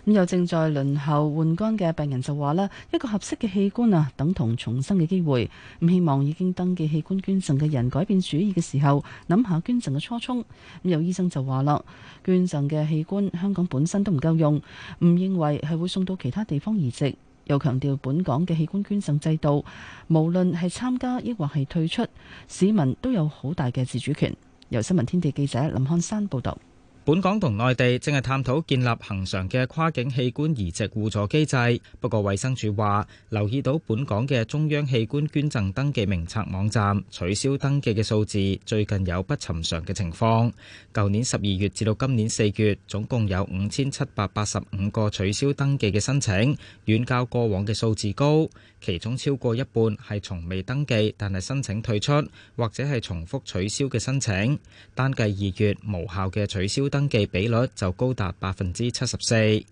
咁又正在輪候換肝嘅病人就話啦：一個合適嘅器官啊，等同重生嘅機會。唔希望已經登記器官捐贈嘅人改變主意嘅時候，諗下捐贈嘅初衷。咁有醫生就話啦：捐贈嘅器官香港本身都唔夠用，唔認為係會送到其他地方移植。又強調本港嘅器官捐贈制度，無論係參加抑或係退出，市民都有好大嘅自主權。由新聞天地記者林漢山報導。本港同內地正係探討建立恒常嘅跨境器官移植互助機制。不過衛生署話留意到本港嘅中央器官捐贈登記名冊網站取消登記嘅數字最近有不尋常嘅情況，舊年十二月至到今年四月，總共有五千七百八十五個取消登記嘅申請遠較過往嘅數字高。其中超過一半係從未登記，但係申請退出，或者係重複取消嘅申請單計二月無效嘅取消。登記比率就高達百分之七十四。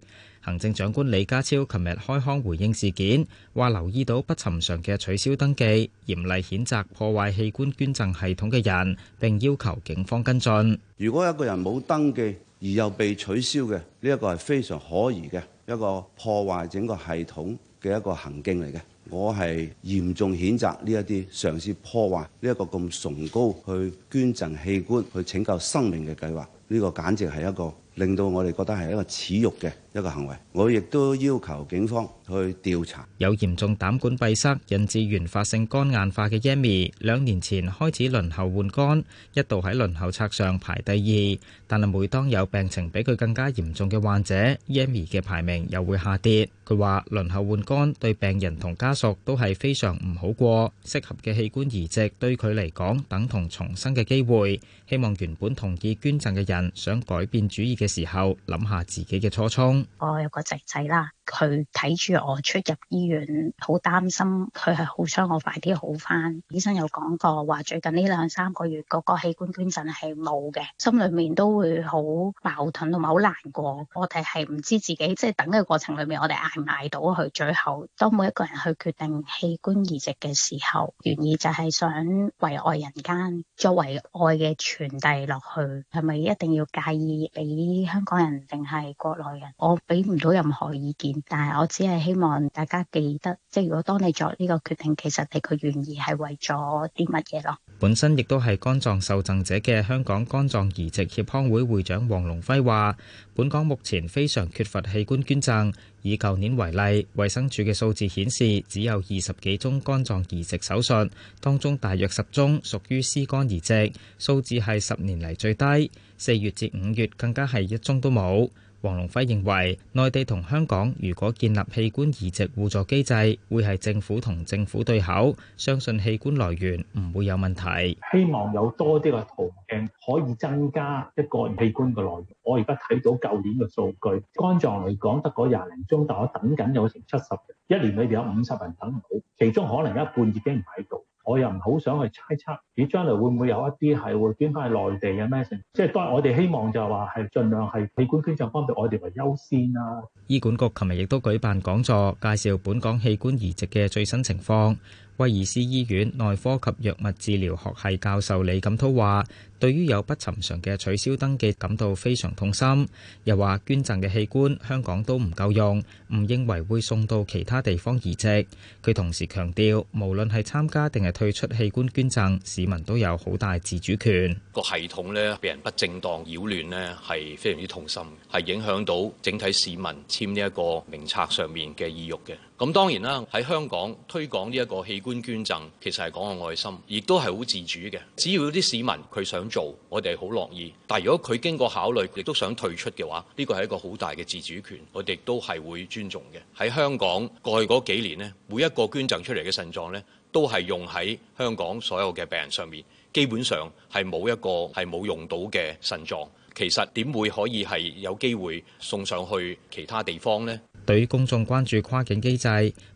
行政長官李家超琴日開腔回應事件，話留意到不尋常嘅取消登記，嚴厲譴責破壞器官捐贈系統嘅人，並要求警方跟進。如果一個人冇登記而又被取消嘅，呢一個係非常可疑嘅，一個破壞整個系統嘅一個行徑嚟嘅。我係嚴重譴責呢一啲嘗試破壞呢一個咁崇高去捐贈器官，去拯救生命嘅計劃。呢個簡直係一個令到我哋覺得係一個恥辱嘅。一個行為，我亦都要求警方去調查。有嚴重膽管閉塞，引致原發性肝硬化嘅 Yammi，兩年前開始輪候換肝，一度喺輪候冊上排第二。但係每當有病情比佢更加嚴重嘅患者，mm hmm.，Yammi 嘅排名又會下跌。佢話輪候換肝對病人同家屬都係非常唔好過，適合嘅器官移植對佢嚟講等同重生嘅機會，希望原本同意捐贈嘅人，想改變主意嘅時候，諗下自己嘅初衷。我有個仔仔啦，佢睇住我出入醫院，好擔心佢係好想我快啲好返。醫生有講過話，最近呢兩三個月個、那個器官捐贈係冇嘅，心裏面都會好矛盾同埋好難過。我哋係唔知自己即係等嘅過程裏面，我哋捱唔捱到佢。最後當每一個人去決定器官移植嘅時候，原意就係想為愛人間，作為愛嘅傳遞落去，係咪一定要介意俾香港人定係國內人？我俾唔到任何意見，但係我只係希望大家記得，即係如果當你作呢個決定，其實你佢願意係為咗啲乜嘢咯。本身亦都係肝臟受贈者嘅香港肝臟移植協康會會長黃龍輝話，本港目前非常缺乏器官捐贈，以舊年為例，衛生署嘅數字顯示只有二十幾宗肝臟移植手術，當中大約十宗屬於屍肝移植，數字係十年嚟最低。四月至五月更加係一宗都冇。黃龍輝認為，內地同香港如果建立器官移植互助機製，會係政府同政府對口，相信器官來源唔會有問題。希望有多啲嘅途徑可以增加一個器官嘅來源。我而家睇到舊年嘅數據，肝臟嚟講得嗰廿零宗，大約等緊有成七十人，一年裏邊有五十人等唔到，其中可能一半已經唔喺度。我又唔好想去猜測，咦？將來會唔會有一啲係會捐翻去內地嘅咩？即係當然，我哋希望就係話係盡量係器官捐贈方面，我哋為優先啦。醫管局琴日亦都舉辦講座，介紹本港器官移植嘅最新情況。威爾斯醫院內科及藥物治療學系教授李錦滔話。對於有不尋常嘅取消登記感到非常痛心，又話捐贈嘅器官香港都唔夠用，唔認為會送到其他地方移植。佢同時強調，無論係參加定係退出器官捐贈，市民都有好大自主權。個系統呢，被人不正當擾亂呢，係非常之痛心，係影響到整體市民簽呢一個名冊上面嘅意欲嘅。咁當然啦，喺香港推廣呢一個器官捐贈，其實係講個愛心，亦都係好自主嘅。只要啲市民佢想。做我哋好樂意，但係如果佢經過考慮亦都想退出嘅話，呢個係一個好大嘅自主權，我哋都係會尊重嘅。喺香港過去嗰幾年咧，每一個捐贈出嚟嘅腎臟咧，都係用喺香港所有嘅病人上面，基本上係冇一個係冇用到嘅腎臟，其實點會可以係有機會送上去其他地方咧？對於公眾關注跨境機制，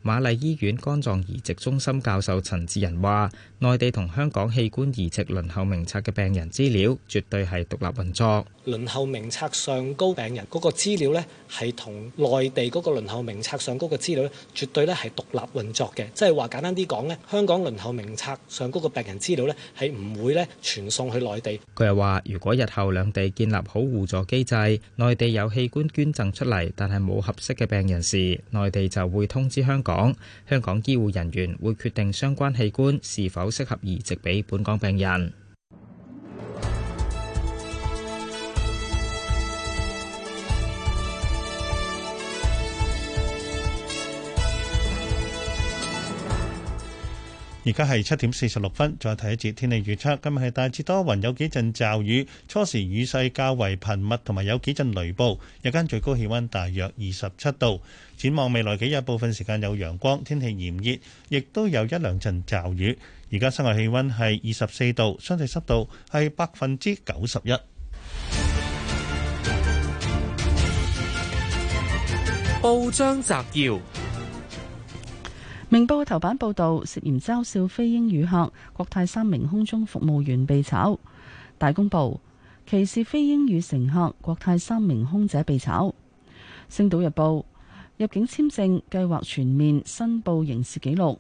瑪麗醫院肝臟移植中心教授陳志仁話，內地同香港器官移植輪候名冊嘅病人資料絕對係獨立運作。輪候名冊上高病人嗰個資料呢，係同內地嗰個輪候名冊上高嘅資料呢，絕對呢係獨立運作嘅，即係話簡單啲講呢，香港輪候名冊上高嘅病人資料呢，係唔會呢傳送去內地。佢又話，如果日後兩地建立好互助機制，內地有器官捐贈出嚟，但係冇合適嘅病病人時，內地就會通知香港，香港醫護人員會決定相關器官是否適合移植畀本港病人。而家係七點四十六分，再睇一節天氣預測。今日係大致多雲，有幾陣驟雨，初時雨勢較為頻密，同埋有幾陣雷暴。日間最高氣溫大約二十七度。展望未來幾日，部分時間有陽光，天氣炎熱，亦都有一兩陣驟雨。而家室外氣溫係二十四度，相對濕度係百分之九十一。報章摘要。明報嘅頭版報道涉嫌嘲笑非英語客，國泰三名空中服務員被炒。大公報歧視非英語乘客，國泰三名空姐被炒。星島日報入境簽證計劃全面申報刑事記錄。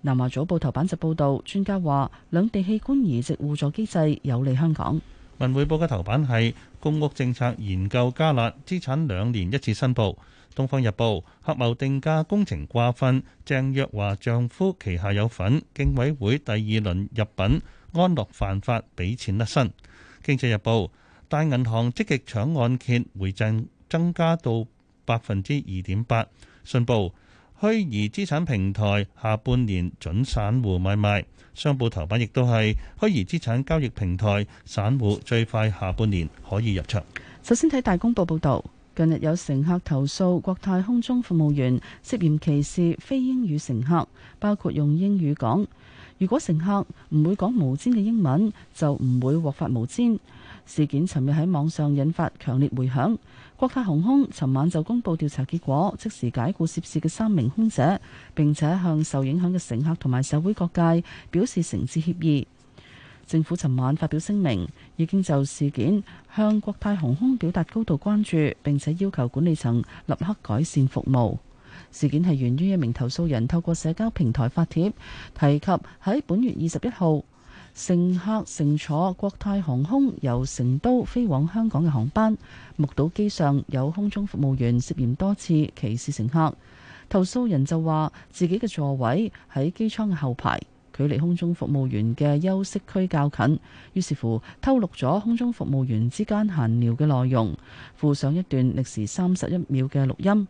南華早報頭版就報道，專家話兩地器官移植互助機制有利香港。文匯報嘅頭版係公屋政策研究加辣，資產兩年一次申報。《東方日報》合謀定價工程瓜分鄭若驊丈夫旗下有份，競委會第二輪入品，安樂犯法俾錢甩身。《經濟日報》大銀行積極搶按揭回贈，增加到百分之二點八。信報虛擬資產平台下半年准散戶買賣，商報頭版亦都係虛擬資產交易平台，散戶最快下半年可以入場。首先睇大公報報道。近日有乘客投訴國泰空中服務員涉嫌歧視非英語乘客，包括用英語講：如果乘客唔會講毛氈嘅英文，就唔會獲發毛氈。事件尋日喺網上引發強烈回響，國泰航空尋晚就公佈調查結果，即時解雇涉事嘅三名空姐，並且向受影響嘅乘客同埋社會各界表示誠摯歉意。政府尋晚發表聲明，已經就事件向國泰航空表達高度關注，並且要求管理層立刻改善服務。事件係源於一名投訴人透過社交平台發帖，提及喺本月二十一號，乘客乘坐國泰航空由成都飛往香港嘅航班，目睹機上有空中服務員涉嫌多次歧視乘客。投訴人就話自己嘅座位喺機艙嘅後排。距離空中服務員嘅休息區較近，於是乎偷錄咗空中服務員之間閒聊嘅內容，附上一段歷時三十一秒嘅錄音。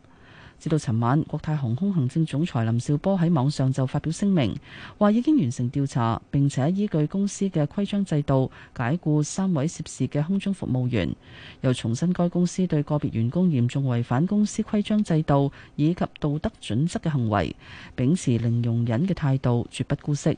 直到尋晚，國泰航空行政總裁林紹波喺網上就發表聲明，話已經完成調查，並且依據公司嘅規章制度解雇三位涉事嘅空中服務員，又重申該公司對個別員工嚴重違反公司規章制度以及道德準則嘅行為，秉持零容忍嘅態度，絕不姑息。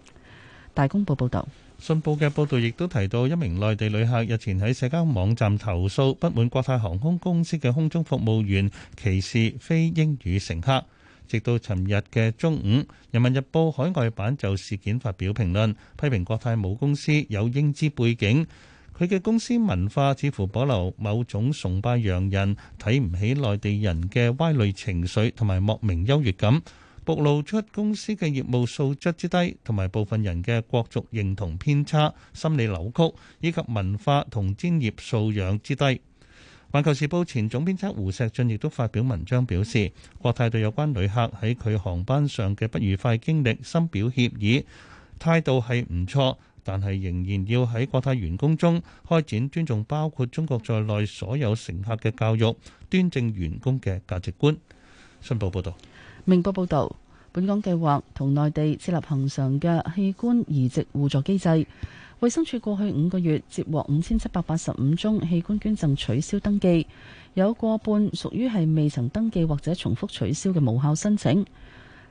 大公報報道。信報的報道亦都提到，一名內地女殼日前在社交網站投訴，不滿國泰航空公司的空中服務員，其是非英語承克。直到陳日的中午，人民日報海外版就事件發表評論，批評國泰農公司有英資背景。他的公司文化似乎保留，某種逢麥洋人看不起內地人的歪澇情緒和莫名優越感。暴露出公司嘅業務素質之低，同埋部分人嘅國族認同偏差、心理扭曲，以及文化同專業素養之低。《環球時報》前總編輯胡錫進亦都發表文章表示，國泰對有關旅客喺佢航班上嘅不愉快經歷深表歉意，態度係唔錯，但係仍然要喺國泰員工中開展尊重包括中國在內所有乘客嘅教育，端正員工嘅價值觀，信報報道。明報報道，本港計劃同內地設立恒常嘅器官移植互助機制。衛生署過去五個月接獲五千七百八十五宗器官捐贈取消登記，有過半屬於係未曾登記或者重複取消嘅無效申請。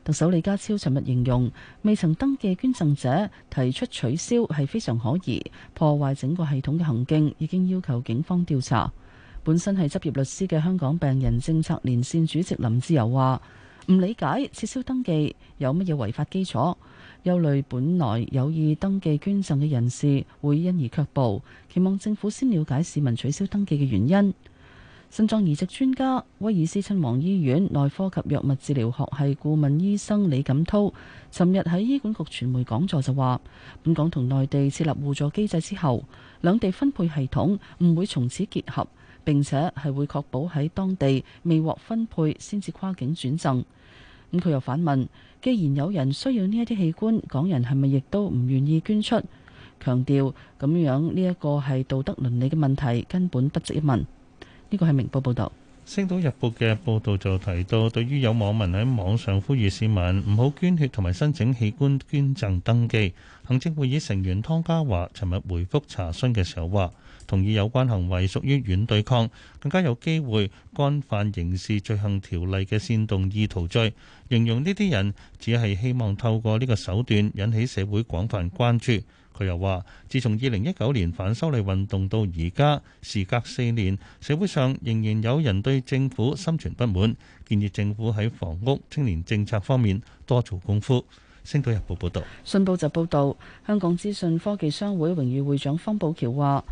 特首李家超尋日形容，未曾登記捐贈者提出取消係非常可疑，破壞整個系統嘅行徑，已經要求警方調查。本身係執業律師嘅香港病人政策連線主席林志釉話唔理解，撤銷登記有乜嘢違法基礎？憂慮本來有意登記捐贈嘅人士會因而却步。期望政府先了解市民取消登記嘅原因。腎臟移植專家威爾斯親王醫院內科及藥物治療學系顧問醫生李錦滔尋日喺醫管局傳媒講座就話，本港同內地設立互助機制之後，兩地分配系統唔會從此結合，並且係會確保喺當地未獲分配先至跨境轉贈。咁佢又反問：既然有人需要呢一啲器官，港人係咪亦都唔願意捐出？強調咁樣呢一個係道德倫理嘅問題，根本不值一問。呢個係明報報導。星島日報嘅報導就提到，對於有網民喺網上呼籲市民唔好捐血同埋申請器官捐贈登記，行政會議成員湯家驊尋日回覆查詢嘅時候話。同意有關行為屬於軟對抗，更加有機會干犯刑事罪行條例嘅煽動意圖罪。形容呢啲人只係希望透過呢個手段引起社會廣泛關注。佢又話：自從二零一九年反修例運動到而家，時隔四年，社會上仍然有人對政府心存不滿。建議政府喺房屋、青年政策方面多做功夫。星島日報報道：信報就報道，香港資訊科技商會榮譽會長方保僑話。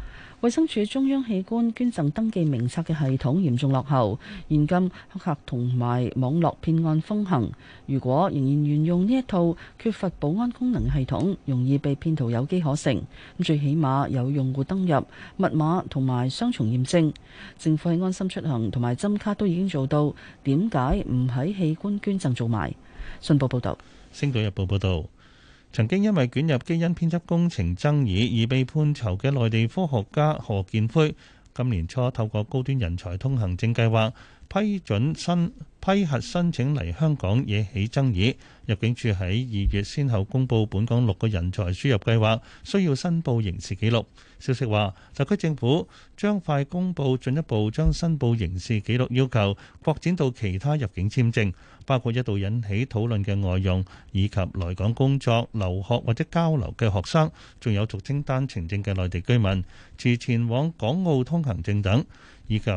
衛生署中央器官捐贈登記名冊嘅系統嚴重落後。現今黑客同埋網絡騙案風行。如果仍然沿用呢一套缺乏保安功能系統，容易被騙徒有機可乘。咁最起碼有用戶登入密碼同埋雙重驗證。政府喺安心出行同埋針卡都已經做到，點解唔喺器官捐贈做埋？信報報道。星島日報報道。曾經因為捲入基因編輯工程爭議而被判囚嘅內地科學家何建輝，今年初透過高端人才通行證計劃批准申批核申請嚟香港，惹起爭議。入境處喺二月先後公布本港六個人才輸入計劃，需要申報刑事記錄。消息話，特區政府將快公布進一步將申報刑事記錄要求擴展到其他入境簽證，包括一度引起討論嘅外傭以及來港工作、留學或者交流嘅學生，仲有俗稱單程證嘅內地居民，持前往港澳通行證等，以及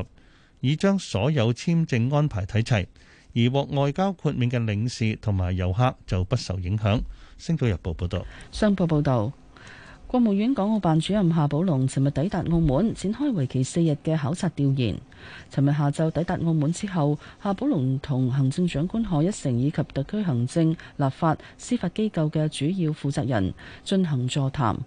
已將所有簽證安排睇齊。而獲外交豁免嘅領事同埋遊客就不受影響。星島日報報道。商報報導。國務院港澳辦主任夏寶龍尋日抵達澳門，展開為期四日嘅考察調研。尋日下晝抵達澳門之後，夏寶龍同行政長官賀一誠以及特區行政、立法、司法機構嘅主要負責人進行座談。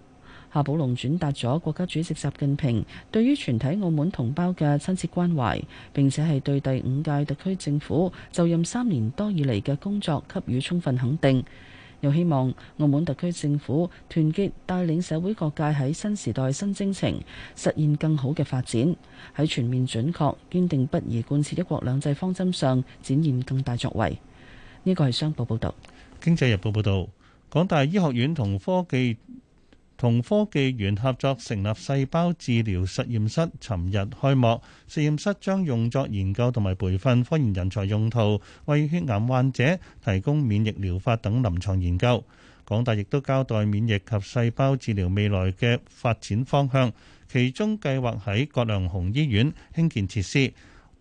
夏寶龍轉達咗國家主席習近平對於全體澳門同胞嘅親切關懷，並且係對第五屆特區政府就任三年多以嚟嘅工作給予充分肯定。又希望澳門特區政府團結帶領社會各界喺新時代新征程實現更好嘅發展，喺全面準確堅定不移貫徹一國兩制方針上展現更大作為。呢個係商報報道。《經濟日報》報道：港大醫學院同科技同科技園合作成立細胞治療實驗室，尋日開幕。實驗室將用作研究同埋培訓科研人才用途，為血癌患者提供免疫療法等臨床研究。港大亦都交代免疫及細胞治療未來嘅發展方向，其中計劃喺葛量洪醫院興建設施，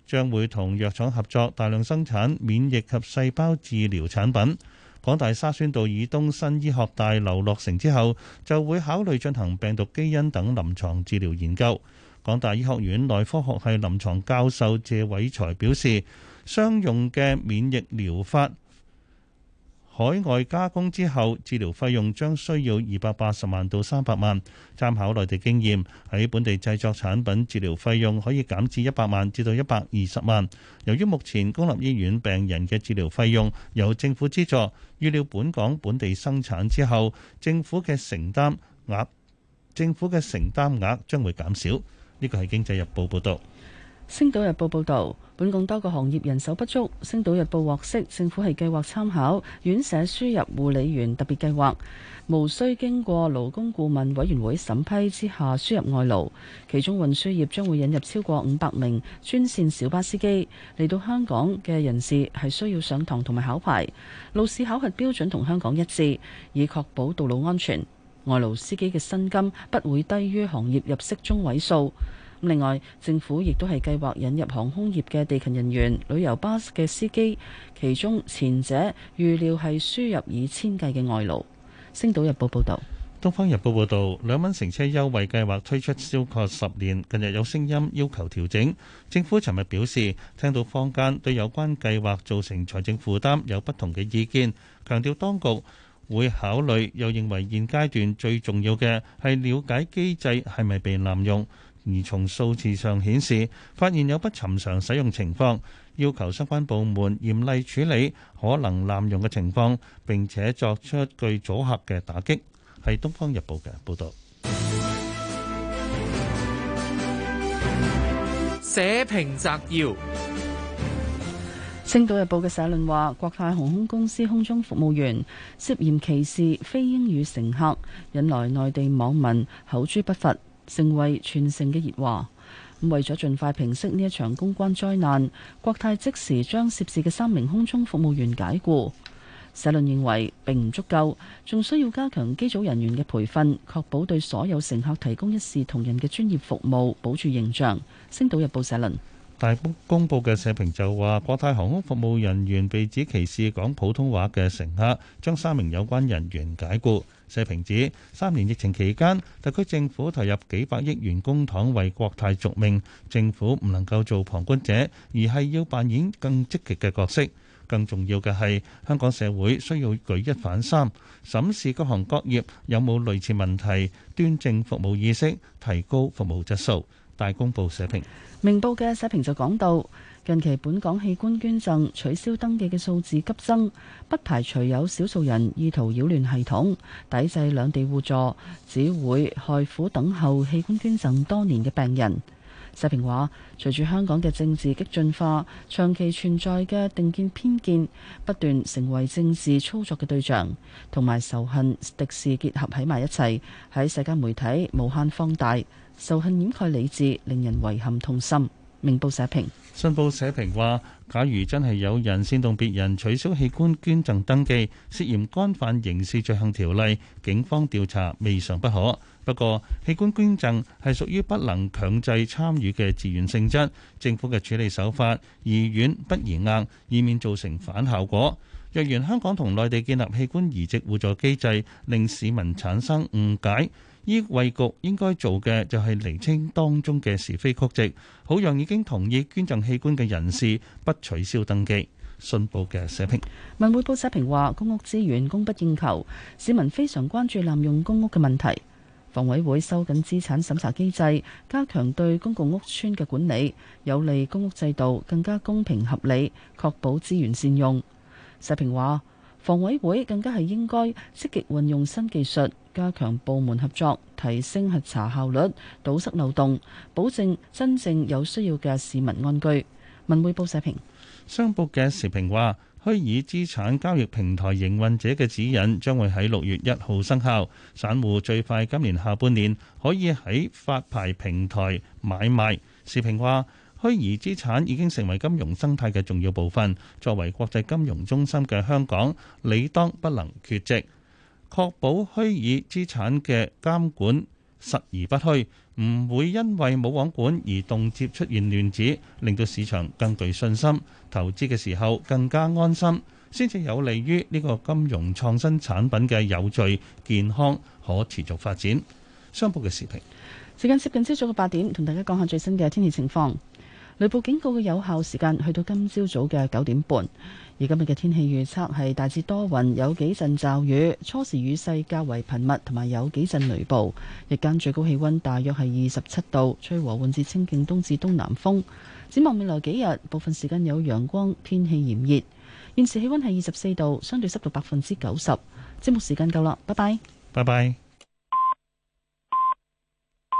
將會同藥廠合作大量生產免疫及細胞治療產品。港大沙宣道以東新醫學大樓落成之後，就會考慮進行病毒基因等臨床治療研究。港大醫學院內科學系臨床教授謝偉才表示，商用嘅免疫療法，海外加工之後治療費用將需要二百八十萬到三百萬，參考內地經驗，喺本地製作產品，治療費用可以減至一百萬至到一百二十萬，由於目前公立醫院病人嘅治療費用由政府資助，預料本港本地生產之後政府嘅承擔額，政府嘅承擔額將會減少。呢個係《經濟日報》報道。《星島日報》報道，本港多個行業人手不足，《星島日報》獲悉，政府係計劃參考院舍輸入護理員特別計劃，無需經過勞工顧問委員會審批之下輸入外勞。其中運輸業將會引入超過五百名專線小巴司機，嚟到香港嘅人士係需要上堂同埋考牌，路試考核標準同香港一致，以確保道路安全。外勞司機嘅薪金不會低於行業入息中位數。另外，政府亦都係計劃引入航空業嘅地勤人員、旅遊巴士嘅司機，其中前者預料係輸入以千計嘅外勞。星島日報報導，《東方日報》報導，兩蚊乘車優惠計劃推出超過十年，近日有聲音要求調整。政府尋日表示，聽到坊間對有關計劃造成財政負擔有不同嘅意見，強調當局會考慮，又認為現階段最重要嘅係了解機制係咪被濫用。而從數字上顯示，發現有不尋常使用情況，要求相關部門嚴厲處理可能濫用嘅情況，並且作出具阻嚇嘅打擊。係《東方日報》嘅報道。社評摘要，《星島日報》嘅社論話：國泰航空公司空中服務員涉嫌歧視非英語乘客，引來內地網民口誅筆伐。成為全城嘅熱話。咁為咗盡快平息呢一場公關災難，國泰即時將涉事嘅三名空中服務員解雇。社論認為並唔足夠，仲需要加強機組人員嘅培訓，確保對所有乘客提供一視同仁嘅專業服務，保住形象。星島日報社論。大公報嘅社評就話：國泰航空服務人員被指歧視講普通話嘅乘客，將三名有關人員解僱。社評指三年疫情期間，特區政府投入幾百億元公帑為國泰續命，政府唔能夠做旁觀者，而係要扮演更積極嘅角色。更重要嘅係，香港社會需要舉一反三，審視各行各業有冇類似問題，端正服務意識，提高服務質素。大公報社評。明報嘅社評就講到，近期本港器官捐贈取消登記嘅數字急增，不排除有少數人意圖擾亂系統，抵制兩地互助，只會害苦等候器官捐贈多年嘅病人。社評話：隨住香港嘅政治激進化，長期存在嘅定見偏見不斷成為政治操作嘅對象，同埋仇恨敵視結合喺埋一齊，喺世界媒體無限放大，仇恨掩蓋理智，令人遺憾痛心。明報社評，信報社評話：假如真係有人煽動別人取消器官捐贈登記，涉嫌干犯刑事罪行條例，警方調查未嘗不可。不過，器官捐贈係屬於不能強制參與嘅，自願性質。政府嘅處理手法宜軟不宜硬，以免造成反效果。若然香港同內地建立器官移植互助機制，令市民產生誤解，醫衞局應該做嘅就係釐清當中嘅是非曲直，好讓已經同意捐贈器官嘅人士不取消登記。信報嘅社評，文匯報社評話，公屋資源供不應求，市民非常關注濫用公屋嘅問題。房委會收緊資產審查機制，加強對公共屋邨嘅管理，有利公屋制度更加公平合理，確保資源善用。社評話：房委會更加係應該積極運用新技術，加強部門合作，提升核查效率，堵塞漏洞，保證真正有需要嘅市民安居。文匯報社評，商報嘅時評話。虛擬資產交易平台營運者嘅指引將會喺六月一號生效，散戶最快今年下半年可以喺發牌平台買賣。時平話：虛擬資產已經成為金融生態嘅重要部分，作為國際金融中心嘅香港，理當不能缺席，確保虛擬資產嘅監管實而不虛，唔會因為冇網管而動輒出現亂子，令到市場更具信心。投資嘅時候更加安心，先至有利於呢個金融創新產品嘅有序、健康、可持續發展。商報嘅時評。時間接近朝早嘅八點，同大家講下最新嘅天氣情況。雷暴警告嘅有效時間去到今朝早嘅九點半。而今日嘅天氣預測係大致多雲，有幾陣驟雨，初時雨勢較為頻密，同埋有幾陣雷暴。日間最高氣温大約係二十七度，吹和緩至清勁東至東南風。展望未來幾日，部分時間有陽光，天氣炎熱。現時氣溫係二十四度，相對濕度百分之九十。節目時間夠啦，拜拜，拜拜。